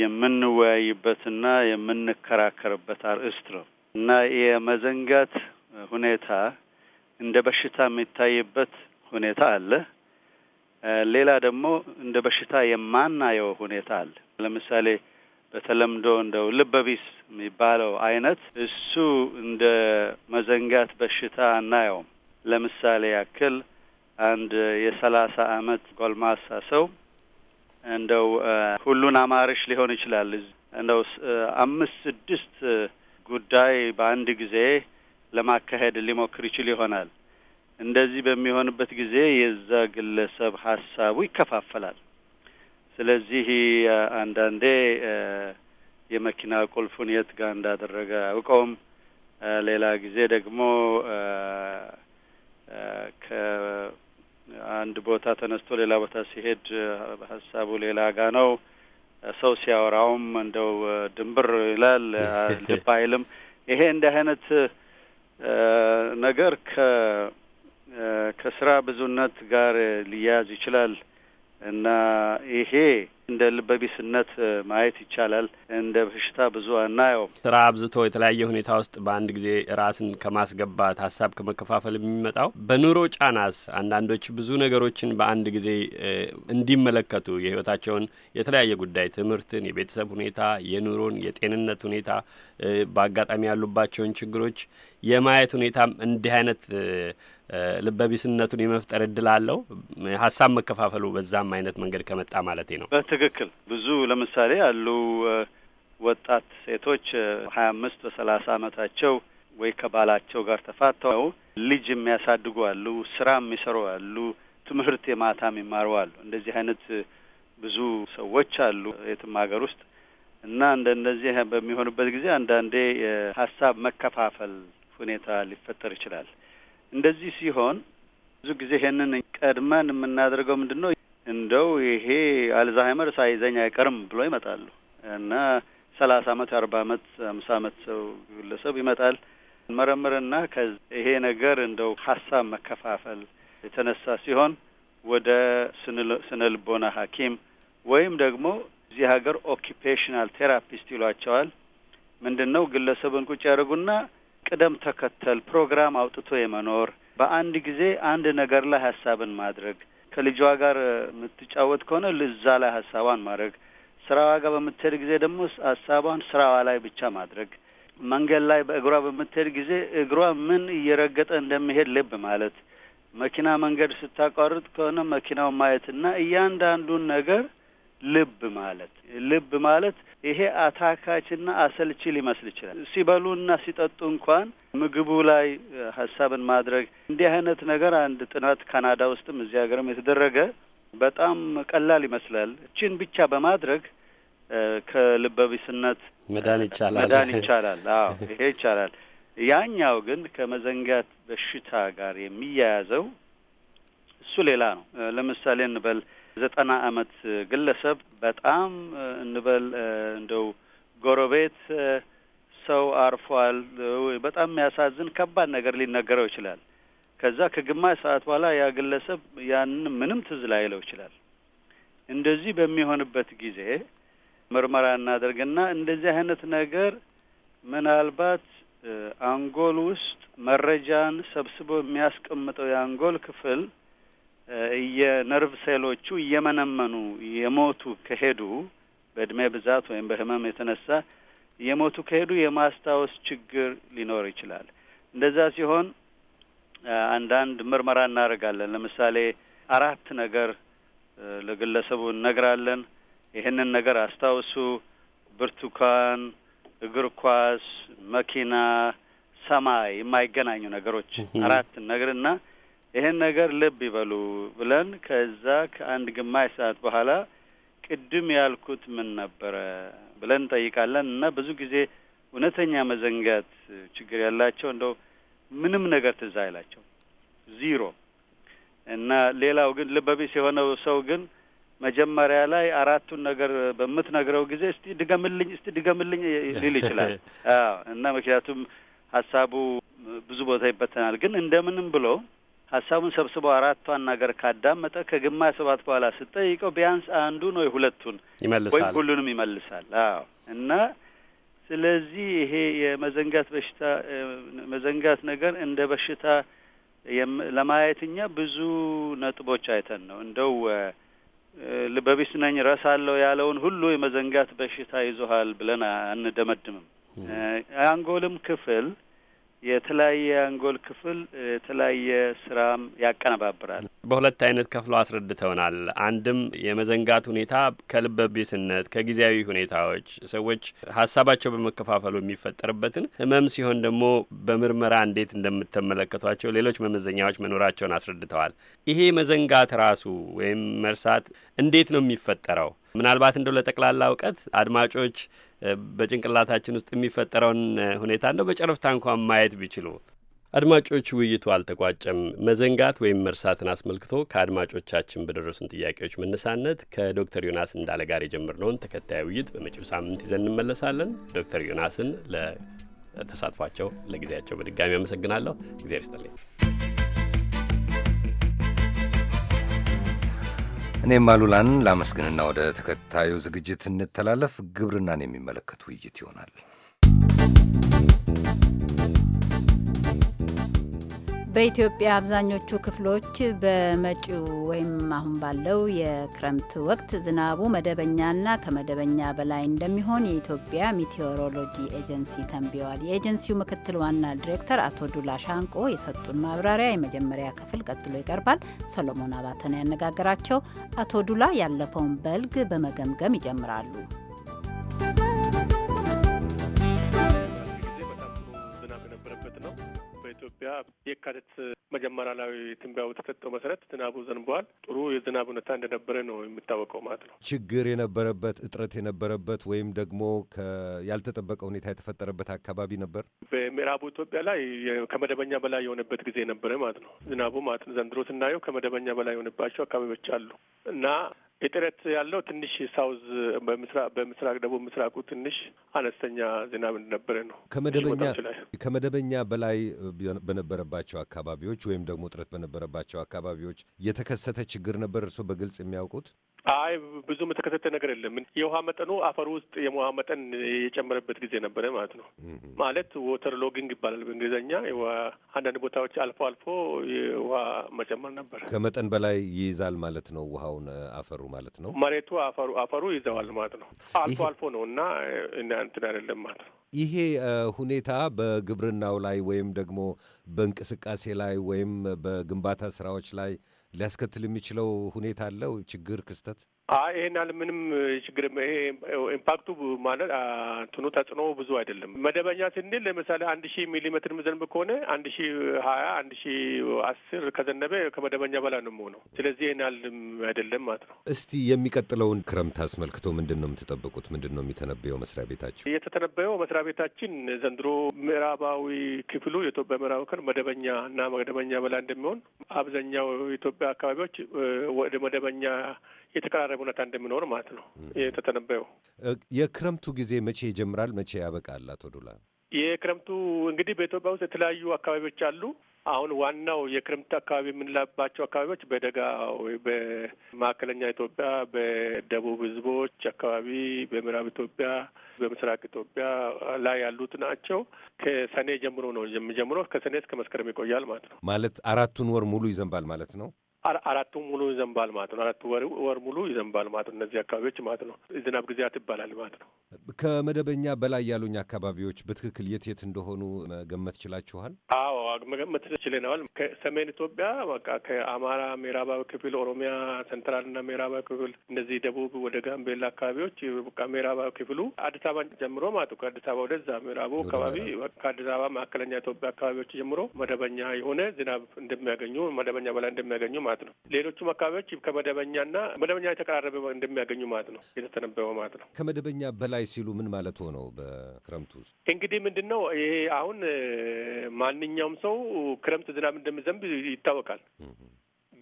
የምንወያይበትና የምንከራከርበት አርእስት ነው እና የመዘንጋት ሁኔታ እንደ በሽታ የሚታይበት ሁኔታ አለ። ሌላ ደግሞ እንደ በሽታ የማናየው ሁኔታ አለ። ለምሳሌ በተለምዶ እንደው ልበቢስ የሚባለው አይነት እሱ እንደ መዘንጋት በሽታ አናየውም። ለምሳሌ ያክል አንድ የሰላሳ አመት ጎልማሳ ሰው እንደው ሁሉን አማርሽ ሊሆን ይችላል። እንደው አምስት ስድስት ጉዳይ በአንድ ጊዜ ለማካሄድ ሊሞክር ይችል ይሆናል። እንደዚህ በሚሆንበት ጊዜ የዛ ግለሰብ ሀሳቡ ይከፋፈላል። ስለዚህ አንዳንዴ የመኪና ቁልፉን የት ጋር እንዳደረገ አውቀውም፣ ሌላ ጊዜ ደግሞ ከአንድ ቦታ ተነስቶ ሌላ ቦታ ሲሄድ ሀሳቡ ሌላ ጋ ነው። ሰው ሲያወራውም እንደው ድንብር ይላል፣ ልብ አይልም። ይሄ እንዲህ አይነት ነገር ከ ከስራ ብዙነት ጋር ሊያያዝ ይችላል። እና ይሄ እንደ ልበቢስነት ማየት ይቻላል። እንደ በሽታ ብዙ አናየው። ስራ አብዝቶ የተለያየ ሁኔታ ውስጥ በአንድ ጊዜ ራስን ከማስገባት ሀሳብ ከመከፋፈል የሚመጣው በኑሮ ጫናስ አንዳንዶች ብዙ ነገሮችን በአንድ ጊዜ እንዲመለከቱ የህይወታቸውን የተለያየ ጉዳይ ትምህርትን፣ የቤተሰብ ሁኔታ፣ የኑሮን፣ የጤንነት ሁኔታ በአጋጣሚ ያሉባቸውን ችግሮች የማየት ሁኔታም እንዲህ አይነት ልበቢስነቱን የመፍጠር እድል አለው። ሀሳብ መከፋፈሉ በዛም አይነት መንገድ ከመጣ ማለት ነው። በትክክል ብዙ ለምሳሌ ያሉ ወጣት ሴቶች ሀያ አምስት በሰላሳ አመታቸው ወይ ከባላቸው ጋር ተፋተው ልጅ የሚያሳድጉ አሉ፣ ስራ የሚሰሩ አሉ፣ ትምህርት የማታ የሚማሩ አሉ። እንደዚህ አይነት ብዙ ሰዎች አሉ የትም ሀገር ውስጥ እና እንደ እንደዚህ በሚሆንበት ጊዜ አንዳንዴ የሀሳብ መከፋፈል ሁኔታ ሊፈጠር ይችላል። እንደዚህ ሲሆን ብዙ ጊዜ ይሄንን ቀድመን የምናደርገው ምንድን ነው? እንደው ይሄ አልዛሀይመር ሳይዘኝ አይቀርም ብሎ ይመጣሉ እና ሰላሳ አመት አርባ አመት አምሳ አመት ሰው ግለሰብ ይመጣል መረምርና ይሄ ነገር እንደው ሀሳብ መከፋፈል የተነሳ ሲሆን ወደ ስነ ልቦና ሐኪም ወይም ደግሞ እዚህ ሀገር ኦኪፔሽናል ቴራፒስት ይሏቸዋል። ምንድን ነው ግለሰብን ቁጭ ያደርጉና ቅደም ተከተል ፕሮግራም አውጥቶ የመኖር በአንድ ጊዜ አንድ ነገር ላይ ሀሳብን ማድረግ ከልጇ ጋር የምትጫወት ከሆነ እዛ ላይ ሀሳቧን ማድረግ፣ ስራዋ ጋር በምትሄድ ጊዜ ደግሞ ሀሳቧን ስራዋ ላይ ብቻ ማድረግ፣ መንገድ ላይ በእግሯ በምትሄድ ጊዜ እግሯ ምን እየረገጠ እንደሚሄድ ልብ ማለት፣ መኪና መንገድ ስታቋርጥ ከሆነ መኪናው ማየትና እያንዳንዱን ነገር ልብ ማለት ልብ ማለት ይሄ አታካችና አሰልቺ ሊመስል ይችላል። ሲበሉና ሲጠጡ እንኳን ምግቡ ላይ ሀሳብን ማድረግ እንዲህ አይነት ነገር አንድ ጥናት ካናዳ ውስጥም እዚህ ሀገርም የተደረገ በጣም ቀላል ይመስላል። እችን ብቻ በማድረግ ከልበቢስነት መዳን ይቻላል መዳን ይቻላል። አዎ ይሄ ይቻላል። ያኛው ግን ከመዘንጋት በሽታ ጋር የሚያያዘው እሱ ሌላ ነው። ለምሳሌ እንበል ዘጠና አመት ግለሰብ በጣም እንበል እንደው ጎረቤት ሰው አርፏል፣ በጣም የሚያሳዝን ከባድ ነገር ሊነገረው ይችላል። ከዛ ከግማሽ ሰዓት በኋላ ያ ግለሰብ ያንን ምንም ትዝ ላይለው ይችላል። እንደዚህ በሚሆንበት ጊዜ ምርመራ እናደርግና እንደዚህ አይነት ነገር ምናልባት አንጎል ውስጥ መረጃን ሰብስቦ የሚያስቀምጠው የአንጎል ክፍል የነርቭ ሴሎቹ እየመነመኑ የሞቱ ከሄዱ በእድሜ ብዛት ወይም በህመም የተነሳ የሞቱ ከሄዱ የማስታወስ ችግር ሊኖር ይችላል። እንደዛ ሲሆን አንዳንድ ምርመራ እናደርጋለን። ለምሳሌ አራት ነገር ለግለሰቡ እነግራለን። ይህንን ነገር አስታውሱ፣ ብርቱካን፣ እግር ኳስ፣ መኪና፣ ሰማይ፣ የማይገናኙ ነገሮች አራት ነገርና ይሄን ነገር ልብ ይበሉ ብለን ከዛ ከአንድ ግማሽ ሰዓት በኋላ ቅድም ያልኩት ምን ነበረ ብለን እንጠይቃለን። እና ብዙ ጊዜ እውነተኛ መዘንጋት ችግር ያላቸው እንደው ምንም ነገር ትዝ አይላቸው ዚሮ። እና ሌላው ግን ልበቢስ የሆነው ሰው ግን መጀመሪያ ላይ አራቱን ነገር በምትነግረው ጊዜ እስቲ ድገምልኝ፣ እስቲ ድገምልኝ ሊል ይችላል። እና ምክንያቱም ሀሳቡ ብዙ ቦታ ይበተናል። ግን እንደምንም ብሎ ሀሳቡን ሰብስበው አራት ዋና ካዳመጠ ከግማሽ ሰባት በኋላ ስጠይቀው ቢያንስ አንዱን ወይ ሁለቱን ወይም ሁሉንም ይመልሳል። አዎ እና ስለዚህ ይሄ የመዘንጋት በሽታ መዘንጋት ነገር እንደ በሽታ ለማየት እኛ ብዙ ነጥቦች አይተን ነው እንደው በቢስ ነኝ ረሳለሁ ያለውን ሁሉ የመዘንጋት በሽታ ይዞሃል ብለን አንደመድምም። አንጎልም ክፍል የተለያየ አንጎል ክፍል የተለያየ ስራም ያቀነባብራል። በሁለት አይነት ከፍሎ አስረድተውናል። አንድም የመዘንጋት ሁኔታ ከልበቢስነት ከጊዜያዊ ሁኔታዎች ሰዎች ሀሳባቸው በመከፋፈሉ የሚፈጠርበትን ህመም ሲሆን ደግሞ በምርመራ እንዴት እንደምትመለከቷቸው ሌሎች መመዘኛዎች መኖራቸውን አስረድተዋል። ይሄ መዘንጋት ራሱ ወይም መርሳት እንዴት ነው የሚፈጠረው? ምናልባት እንደው ለጠቅላላ እውቀት አድማጮች በጭንቅላታችን ውስጥ የሚፈጠረውን ሁኔታ እንደው በጨረፍታ እንኳን ማየት ቢችሉ። አድማጮች፣ ውይይቱ አልተቋጨም። መዘንጋት ወይም መርሳትን አስመልክቶ ከአድማጮቻችን በደረሱን ጥያቄዎች መነሳነት ከዶክተር ዮናስ እንዳለ ጋር የጀመርነውን ተከታይ ውይይት በመጪው ሳምንት ይዘን እንመለሳለን። ዶክተር ዮናስን ለተሳትፏቸው ለጊዜያቸው በድጋሚ አመሰግናለሁ። እግዚአብሔር ይስጥልኝ። እኔም አሉላን ላመስግንና ወደ ተከታዩ ዝግጅት እንተላለፍ። ግብርናን የሚመለከት ውይይት ይሆናል። በኢትዮጵያ አብዛኞቹ ክፍሎች በመጪው ወይም አሁን ባለው የክረምት ወቅት ዝናቡ መደበኛና ከመደበኛ በላይ እንደሚሆን የኢትዮጵያ ሚቴዎሮሎጂ ኤጀንሲ ተንብየዋል። የኤጀንሲው ምክትል ዋና ዲሬክተር አቶ ዱላ ሻንቆ የሰጡን ማብራሪያ የመጀመሪያ ክፍል ቀጥሎ ይቀርባል። ሰሎሞን አባተ ነው ያነጋገራቸው። አቶ ዱላ ያለፈውን በልግ በመገምገም ይጀምራሉ። ኢትዮጵያ የካቲት መጀመሪያ ላይ ትንበያው የተሰጠው መሰረት ዝናቡ ዘንቧል። ጥሩ የዝናብ ሁኔታ እንደነበረ ነው የሚታወቀው ማለት ነው። ችግር የነበረበት እጥረት የነበረበት ወይም ደግሞ ያልተጠበቀ ሁኔታ የተፈጠረበት አካባቢ ነበር። በምዕራቡ ኢትዮጵያ ላይ ከመደበኛ በላይ የሆነበት ጊዜ ነበረ ማለት ነው። ዝናቡ ማለት ዘንድሮ ስናየው ከመደበኛ በላይ የሆነባቸው አካባቢዎች አሉ እና የጥረት ያለው ትንሽ ሳውዝ በምስራቅ በምስራቅ ደቡብ ምስራቁ ትንሽ አነስተኛ ዝናብ እንደነበረ ነው። ከመደበኛ ከመደበኛ በላይ በነበረባቸው አካባቢዎች ወይም ደግሞ እጥረት በነበረባቸው አካባቢዎች የተከሰተ ችግር ነበር እርስዎ በግልጽ የሚያውቁት? አይ ብዙም የተከሰተ ነገር የለም። የውሃ መጠኑ አፈር ውስጥ የውሃ መጠን የጨመረበት ጊዜ ነበረ ማለት ነው። ማለት ወተር ሎጊንግ ይባላል በእንግሊዝኛ። አንዳንድ ቦታዎች አልፎ አልፎ የውሃ መጨመር ነበር። ከመጠን በላይ ይይዛል ማለት ነው ውሃውን አፈሩ ማለት ነው። መሬቱ አፈሩ አፈሩ ይዘዋል ማለት ነው። አልፎ አልፎ ነው እና እንትን አይደለም ማለት ነው። ይሄ ሁኔታ በግብርናው ላይ ወይም ደግሞ በእንቅስቃሴ ላይ ወይም በግንባታ ስራዎች ላይ ሊያስከትል የሚችለው ሁኔታ አለው ችግር ክስተት ይሄን ያህል ምንም ችግር ይሄ ኢምፓክቱ ማለት እንትኑ ተጽዕኖ ብዙ አይደለም። መደበኛ ስንል ለምሳሌ አንድ ሺህ ሚሊሜትር ምዘንብ ከሆነ አንድ ሺህ ሀያ አንድ ሺህ አስር ከዘነበ ከመደበኛ በላይ ነው የሚሆነው። ስለዚህ ይሄን ያህል አይደለም ማለት ነው። እስቲ የሚቀጥለውን ክረምት አስመልክቶ ምንድን ነው የምትጠብቁት? ምንድን ነው የሚተነበየው መስሪያ ቤታችን? የተተነበየው መስሪያ ቤታችን ዘንድሮ ምዕራባዊ ክፍሉ የኢትዮጵያ ምዕራብ ክፍል መደበኛ እና መደበኛ በላይ እንደሚሆን አብዛኛው የኢትዮጵያ አካባቢዎች ወደ መደበኛ የተቀራረበ ሁኔታ እንደሚኖር ማለት ነው የተተነበየው። የክረምቱ ጊዜ መቼ ይጀምራል? መቼ ያበቃል? አቶ ዱላ፣ የክረምቱ እንግዲህ በኢትዮጵያ ውስጥ የተለያዩ አካባቢዎች አሉ። አሁን ዋናው የክረምት አካባቢ የምንላባቸው አካባቢዎች በደጋ በማዕከለኛ ኢትዮጵያ፣ በደቡብ ህዝቦች አካባቢ፣ በምዕራብ ኢትዮጵያ፣ በምስራቅ ኢትዮጵያ ላይ ያሉት ናቸው። ከሰኔ ጀምሮ ነው የሚጀምረው። ከሰኔ እስከ መስከረም ይቆያል ማለት ነው። ማለት አራቱን ወር ሙሉ ይዘንባል ማለት ነው። አራቱ ሙሉ ይዘንባል ማለት ነው። አራቱ ወር ሙሉ ይዘንባል ማለት ነው። እነዚህ አካባቢዎች ማለት ነው የዝናብ ጊዜያት ይባላል ማለት ነው። ከመደበኛ በላይ ያሉኝ አካባቢዎች በትክክል የት የት እንደሆኑ መገመት ችላችኋል? አዎ መገመት ችለናል። ከሰሜን ኢትዮጵያ በቃ ከአማራ ምዕራባዊ ክፍል ኦሮሚያ፣ ሴንትራልና ምዕራባዊ ክፍል እነዚህ ደቡብ ወደ ጋምቤላ አካባቢዎች በቃ ምዕራባዊ ክፍሉ አዲስ አበባ ጀምሮ ማለት ከአዲስ አበባ ወደዛ ምዕራቡ አካባቢ ከአዲስ አበባ መካከለኛ ኢትዮጵያ አካባቢዎች ጀምሮ መደበኛ የሆነ ዝናብ እንደሚያገኙ መደበኛ በላይ እንደሚያገኙ ማለት ማለት ነው። ሌሎቹም አካባቢዎች ከመደበኛና መደበኛ የተቀራረበ እንደሚያገኙ ማለት ነው የተተነበበ ማለት ነው። ከመደበኛ በላይ ሲሉ ምን ማለት ሆነው? በክረምቱ ውስጥ እንግዲህ ምንድን ነው ይሄ አሁን ማንኛውም ሰው ክረምት ዝናብ እንደሚዘንብ ይታወቃል።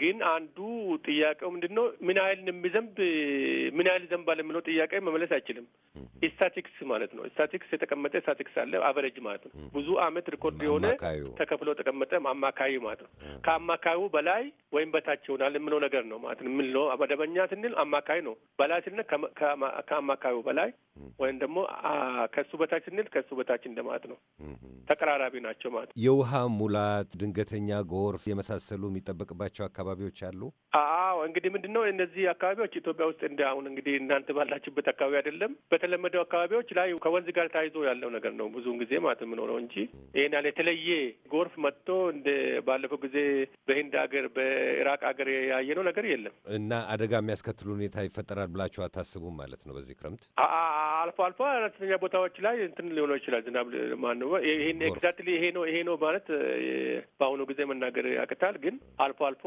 ግን አንዱ ጥያቄው ምንድን ነው? ምን ያህል የሚዘንብ ምን ያህል ዘንባል የሚለው ጥያቄ መመለስ አይችልም። ስታቲክስ ማለት ነው። ስታቲክስ የተቀመጠ ስታቲክስ አለ፣ አቨሬጅ ማለት ነው። ብዙ አመት ሪኮርድ የሆነ ተከፍሎ የተቀመጠ አማካዩ ማለት ነው። ከአማካዩ በላይ ወይም በታች ይሆናል የምለው ነገር ነው ማለት ነው። የምንለው መደበኛ ስንል አማካይ ነው። በላይ ስንል ከአማካዩ በላይ ወይም ደግሞ ከሱ በታች ስንል ከሱ በታች እንደማለት ነው። ተቀራራቢ ናቸው ማለት ነው። የውሃ ሙላት፣ ድንገተኛ ጎርፍ የመሳሰሉ የሚጠበቅባቸው አካባቢ አካባቢዎች አሉ? እንግዲህ ምንድን ነው እነዚህ አካባቢዎች ኢትዮጵያ ውስጥ እንደ አሁን እንግዲህ እናንተ ባላችሁበት አካባቢ አይደለም። በተለመደው አካባቢዎች ላይ ከወንዝ ጋር ታይዞ ያለው ነገር ነው ብዙውን ጊዜ ማለት የምኖረው እንጂ ይህን ያለ የተለየ ጎርፍ መጥቶ እንደ ባለፈው ጊዜ በህንድ ሀገር በኢራቅ ሀገር ያየነው ነገር የለም እና አደጋ የሚያስከትል ሁኔታ ይፈጠራል ብላችሁ አታስቡም ማለት ነው በዚህ ክረምት? አልፎ አልፎ አነስተኛ ቦታዎች ላይ እንትን ሊሆነው ይችላል ዝናብ ማነው ይህን ኤግዛክትሊ ይሄ ነው ይሄ ነው ማለት በአሁኑ ጊዜ መናገር ያቅታል። ግን አልፎ አልፎ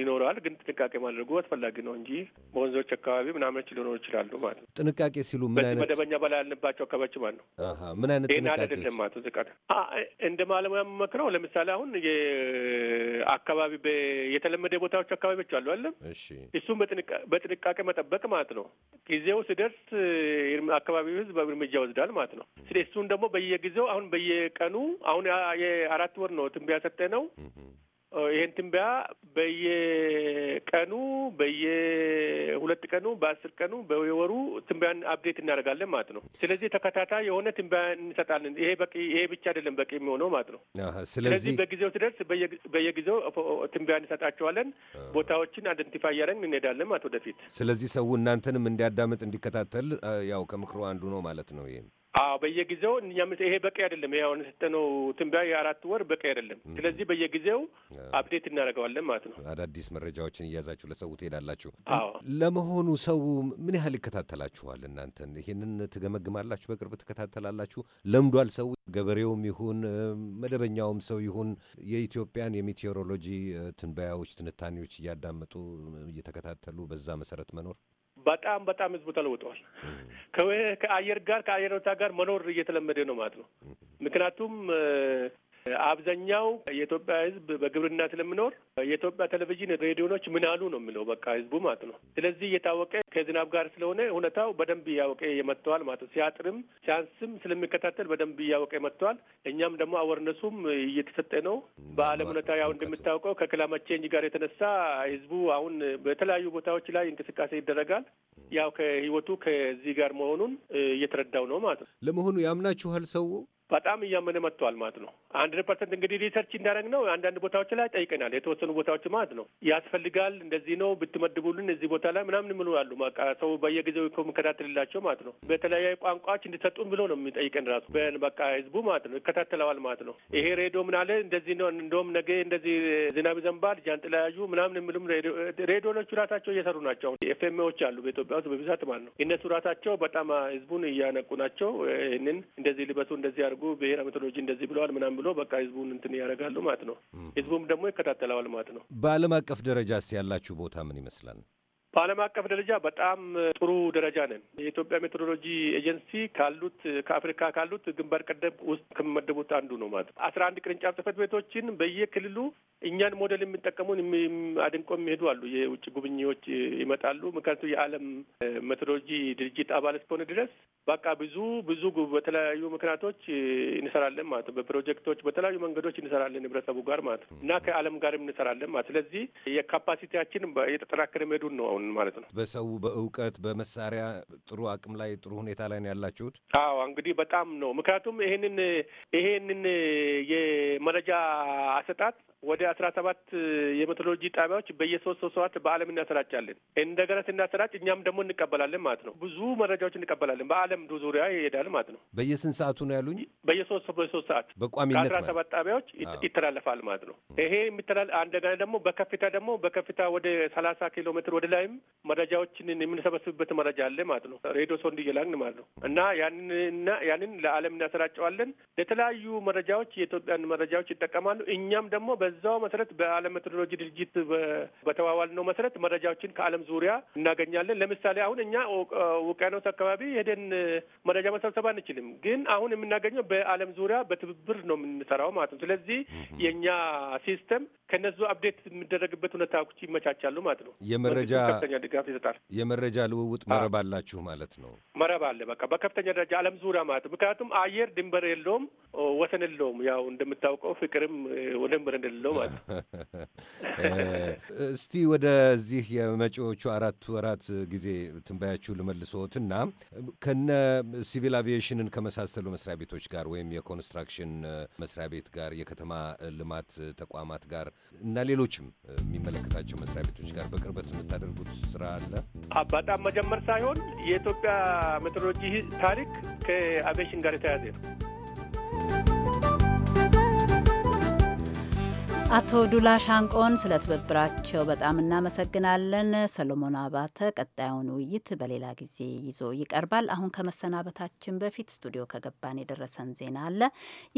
ይኖረዋል። ግን ጥንቃቄ ማለት ማድረጉ አስፈላጊ ነው እንጂ በወንዞች አካባቢ ምናምኖች ሊኖሩ ይችላሉ ማለት ነው። ጥንቃቄ ሲሉ ምን አይነት መደበኛ በላ ያልንባቸው አካባቢዎች ማለት ነው። ምን አይነት ጥንቃቄ አይደለም ማለት ነው። ዝቃደ እንደ ማለሙያ መክረው ለምሳሌ አሁን አካባቢ የተለመደ ቦታዎች አካባቢዎች አሉ አለም እሱም በጥንቃቄ መጠበቅ ማለት ነው። ጊዜው ሲደርስ አካባቢው ህዝብ እርምጃ ወስዳል ማለት ነው። ስለ እሱን ደግሞ በየጊዜው አሁን በየቀኑ አሁን የአራት ወር ነው ትንቢያ ሰጠ ነው ይህን ትንበያ በየቀኑ በየሁለት ቀኑ በአስር ቀኑ በየወሩ ትንበያን አፕዴት እናደርጋለን ማለት ነው። ስለዚህ ተከታታይ የሆነ ትንበያ እንሰጣለን። ይሄ በቂ ይሄ ብቻ አይደለም በቂ የሚሆነው ማለት ነው። ስለዚህ በጊዜው ስደርስ በየጊዜው ትንበያ እንሰጣቸዋለን። ቦታዎችን አይደንቲፋይ እያደረግን እንሄዳለን ማለት ወደፊት። ስለዚህ ሰው እናንተንም እንዲያዳምጥ እንዲከታተል ያው ከምክሩ አንዱ ነው ማለት ነው ይህም አዎ በየጊዜው ይሄ በቂ አይደለም። ይሄ አሁን የሰጠነው ትንበያ የአራት ወር በቂ አይደለም። ስለዚህ በየጊዜው አፕዴት እናደርገዋለን ማለት ነው። አዳዲስ መረጃዎችን እያዛችሁ ለሰው ትሄዳላችሁ። አዎ ለመሆኑ ሰው ምን ያህል ይከታተላችኋል? እናንተን ይህንን ትገመግማላችሁ? በቅርብ ትከታተላላችሁ? ለምዷል ሰው ገበሬውም ይሁን መደበኛውም ሰው ይሁን የኢትዮጵያን የሜቴዎሮሎጂ ትንበያዎች፣ ትንታኔዎች እያዳመጡ እየተከታተሉ በዛ መሰረት መኖር በጣም በጣም ህዝቡ ተለውጠዋል። ከአየር ጋር ከአየር ወታ ጋር መኖር እየተለመደ ነው ማለት ነው። ምክንያቱም አብዛኛው የኢትዮጵያ ህዝብ በግብርና ስለምኖር የኢትዮጵያ ቴሌቪዥን ሬዲዮኖች ምን አሉ ነው የሚለው በቃ ህዝቡ ማለት ነው። ስለዚህ እየታወቀ ከዝናብ ጋር ስለሆነ ሁኔታው በደንብ እያወቀ የመጥተዋል ማለት ነው። ሲያጥርም ሲያንስም ስለሚከታተል በደንብ እያወቀ መጥተዋል። እኛም ደግሞ አወርነሱም እየተሰጠ ነው። በዓለም ሁኔታ ያው እንደምታውቀው ከክላይሜት ቼንጅ ጋር የተነሳ ህዝቡ አሁን በተለያዩ ቦታዎች ላይ እንቅስቃሴ ይደረጋል። ያው ከህይወቱ ከዚህ ጋር መሆኑን እየተረዳው ነው ማለት ነው። ለመሆኑ ያምናችኋል ሰው በጣም እያመነ መጥተዋል ማለት ነው። አንድ ፐርሰንት እንግዲህ ሪሰርች እንዳደረግ ነው አንዳንድ ቦታዎች ላይ ጠይቀናል የተወሰ የተወሰኑ ቦታዎች ማለት ነው ያስፈልጋል፣ እንደዚህ ነው ብትመድቡልን እዚህ ቦታ ላይ ምናምን ምሉ አሉ። በቃ ሰው በየጊዜው የሚከታተልላቸው ማለት ነው። በተለያዩ ቋንቋዎች እንዲሰጡን ብሎ ነው የሚጠይቀን ራሱ በቃ ህዝቡ ማለት ነው ይከታተለዋል ማለት ነው። ይሄ ሬዲዮ ምናለ እንደዚህ ነው፣ እንደውም ነገ እንደዚህ ዝናብ ይዘንባል፣ ጃንጥላ ያዩ ምናምን የሚሉም ሬዲዮኖቹ ራሳቸው እየሰሩ ናቸው። ኤፍኤምዎች አሉ በኢትዮጵያ ውስጥ በብዛት ማለት ነው። እነሱ ራሳቸው በጣም ህዝቡን እያነቁ ናቸው። ይህንን እንደዚህ ልበሱ፣ እንደዚህ አድርጉ፣ ብሔራዊ ሜቶዶሎጂ እንደዚህ ብለዋል ምናምን ብሎ በቃ ህዝቡን እንትን ያደርጋሉ ማለት ነው። ህዝቡም ደግሞ ይከታተለዋል። ለማልማት ነው። በዓለም አቀፍ ደረጃስ ያላችሁ ቦታ ምን ይመስላል? በዓለም አቀፍ ደረጃ በጣም ጥሩ ደረጃ ነን። የኢትዮጵያ ሜትሮሎጂ ኤጀንሲ ካሉት ከአፍሪካ ካሉት ግንባር ቀደም ውስጥ ከሚመደቡት አንዱ ነው ማለት አስራ አንድ ቅርንጫፍ ጽህፈት ቤቶችን በየክልሉ እኛን ሞዴል የሚጠቀሙን አድንቆ የሚሄዱ አሉ። የውጭ ጉብኝዎች ይመጣሉ። ምክንያቱ የዓለም ሜትሮሎጂ ድርጅት አባል እስከሆነ ድረስ በቃ ብዙ ብዙ በተለያዩ ምክንያቶች እንሰራለን ማለት ነው። በፕሮጀክቶች በተለያዩ መንገዶች እንሰራለን ህብረተሰቡ ጋር ማለት ነው እና ከዓለም ጋርም እንሰራለን ማለት ስለዚህ የካፓሲቲያችን የተጠናከረ መሄዱን ነው አሁን አሁን ማለት ነው። በሰው በእውቀት በመሳሪያ ጥሩ አቅም ላይ ጥሩ ሁኔታ ላይ ነው ያላችሁት? አዎ እንግዲህ በጣም ነው። ምክንያቱም ይሄንን ይሄንን የመረጃ አሰጣት ወደ አስራ ሰባት የሜትሮሎጂ ጣቢያዎች በየሶስት ሶስት ሰዓት በዓለም እናሰራጫለን። እንደገና ስናሰራጭ እኛም ደግሞ እንቀበላለን ማለት ነው። ብዙ መረጃዎች እንቀበላለን። በዓለም ዙሪያ ይሄዳል ማለት ነው። በየስንት ሰዓቱ ነው ያሉኝ? በየሶስት በሶስት ሰዓት በቋሚነት ከአስራ ሰባት ጣቢያዎች ይተላለፋል ማለት ነው። ይሄ የሚተላል እንደገና ደግሞ በከፍታ ደግሞ በከፍታ ወደ ሰላሳ ኪሎ ሜትር ወደ ላይም መረጃዎችን የምንሰበስብበት መረጃ አለ ማለት ነው። ሬዲዮ ሶንድ እየላግን ማለት ነው እና ያንንና ያንን ለዓለም እናሰራጨዋለን። ለተለያዩ መረጃዎች የኢትዮጵያን መረጃዎች ይጠቀማሉ። እኛም ደግሞ በ በዛው መሰረት በዓለም ሜትሮሎጂ ድርጅት በተዋዋልነው መሰረት መረጃዎችን ከዓለም ዙሪያ እናገኛለን። ለምሳሌ አሁን እኛ ውቅያኖስ አካባቢ ሄደን መረጃ መሰብሰብ አንችልም፣ ግን አሁን የምናገኘው በዓለም ዙሪያ በትብብር ነው የምንሰራው ማለት ነው። ስለዚህ የእኛ ሲስተም ከነሱ አፕዴት የሚደረግበት ሁኔታዎች ይመቻቻሉ ማለት ነው። የመረጃ ከፍተኛ ድጋፍ ይሰጣል። የመረጃ ልውውጥ መረብ አላችሁ ማለት ነው። መረብ አለ በቃ በከፍተኛ ደረጃ ዓለም ዙሪያ ማለት ነው። ምክንያቱም አየር ድንበር የለውም፣ ወሰን የለውም። ያው እንደምታውቀው ፍቅርም ድንበር ስለሌለው ማለት ነው። እስቲ ወደዚህ የመጪዎቹ አራት ወራት ጊዜ ትንበያችሁ ልመልሶትና ከነ ሲቪል አቪዬሽንን ከመሳሰሉ መስሪያ ቤቶች ጋር ወይም የኮንስትራክሽን መስሪያ ቤት ጋር፣ የከተማ ልማት ተቋማት ጋር እና ሌሎችም የሚመለከታቸው መስሪያ ቤቶች ጋር በቅርበት የምታደርጉት ስራ አለ? በጣም መጀመር ሳይሆን የኢትዮጵያ ሜትሮሎጂ ታሪክ ከአቪዬሽን ጋር የተያያዘ ነው። አቶ ዱላ ሻንቆን ስለ ትብብራቸው በጣም እናመሰግናለን። ሰሎሞን አባተ ቀጣዩን ውይይት በሌላ ጊዜ ይዞ ይቀርባል። አሁን ከመሰናበታችን በፊት ስቱዲዮ ከገባን የደረሰን ዜና አለ።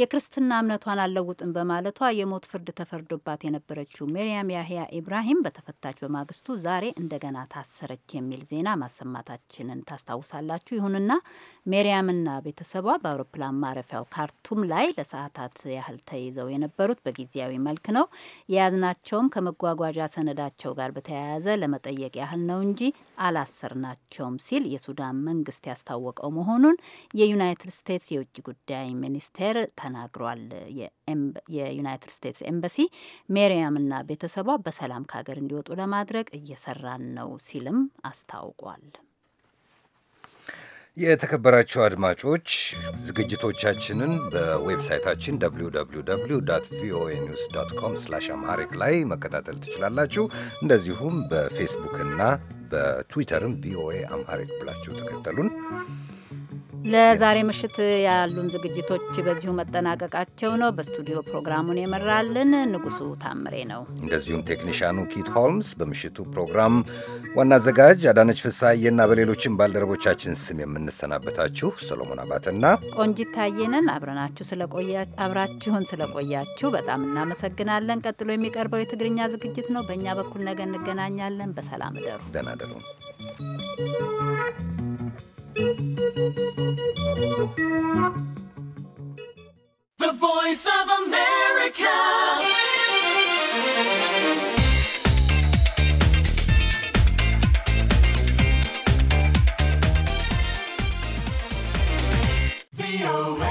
የክርስትና እምነቷን አልለውጥም በማለቷ የሞት ፍርድ ተፈርዶባት የነበረችው ሜርያም ያህያ ኢብራሂም በተፈታች በማግስቱ ዛሬ እንደገና ታሰረች የሚል ዜና ማሰማታችንን ታስታውሳላችሁ። ይሁንና ሜርያምና ቤተሰቧ በአውሮፕላን ማረፊያው ካርቱም ላይ ለሰዓታት ያህል ተይዘው የነበሩት በጊዜያዊ መልክ ነው። ነው። የያዝናቸውም ከመጓጓዣ ሰነዳቸው ጋር በተያያዘ ለመጠየቅ ያህል ነው እንጂ አላሰርናቸውም ሲል የሱዳን መንግስት ያስታወቀው መሆኑን የዩናይትድ ስቴትስ የውጭ ጉዳይ ሚኒስቴር ተናግሯል። የዩናይትድ ስቴትስ ኤምባሲ ሜሪያምና ቤተሰቧ በሰላም ከሀገር እንዲወጡ ለማድረግ እየሰራን ነው ሲልም አስታውቋል። የተከበራቸው አድማጮች ዝግጅቶቻችንን በዌብሳይታችን www ቪኦኤ ኒውስ ዶት ኮም ስላሽ አምሃሪክ ላይ መከታተል ትችላላችሁ። እንደዚሁም በፌስቡክና በትዊተርም ቪኦኤ አምሃሪክ ብላችሁ ተከተሉን። ለዛሬ ምሽት ያሉን ዝግጅቶች በዚሁ መጠናቀቃቸው ነው። በስቱዲዮ ፕሮግራሙን የመራልን ንጉሱ ታምሬ ነው። እንደዚሁም ቴክኒሻኑ ኪት ሆልምስ፣ በምሽቱ ፕሮግራም ዋና አዘጋጅ አዳነች ፍሳዬና በሌሎችም ባልደረቦቻችን ስም የምንሰናበታችሁ ሰሎሞን አባተና ቆንጂት ታየነን አብረናችሁ አብራችሁን ስለቆያችሁ በጣም እናመሰግናለን። ቀጥሎ የሚቀርበው የትግርኛ ዝግጅት ነው። በእኛ በኩል ነገ እንገናኛለን። በሰላም እደሩ። ደህና you. The Voice of America. The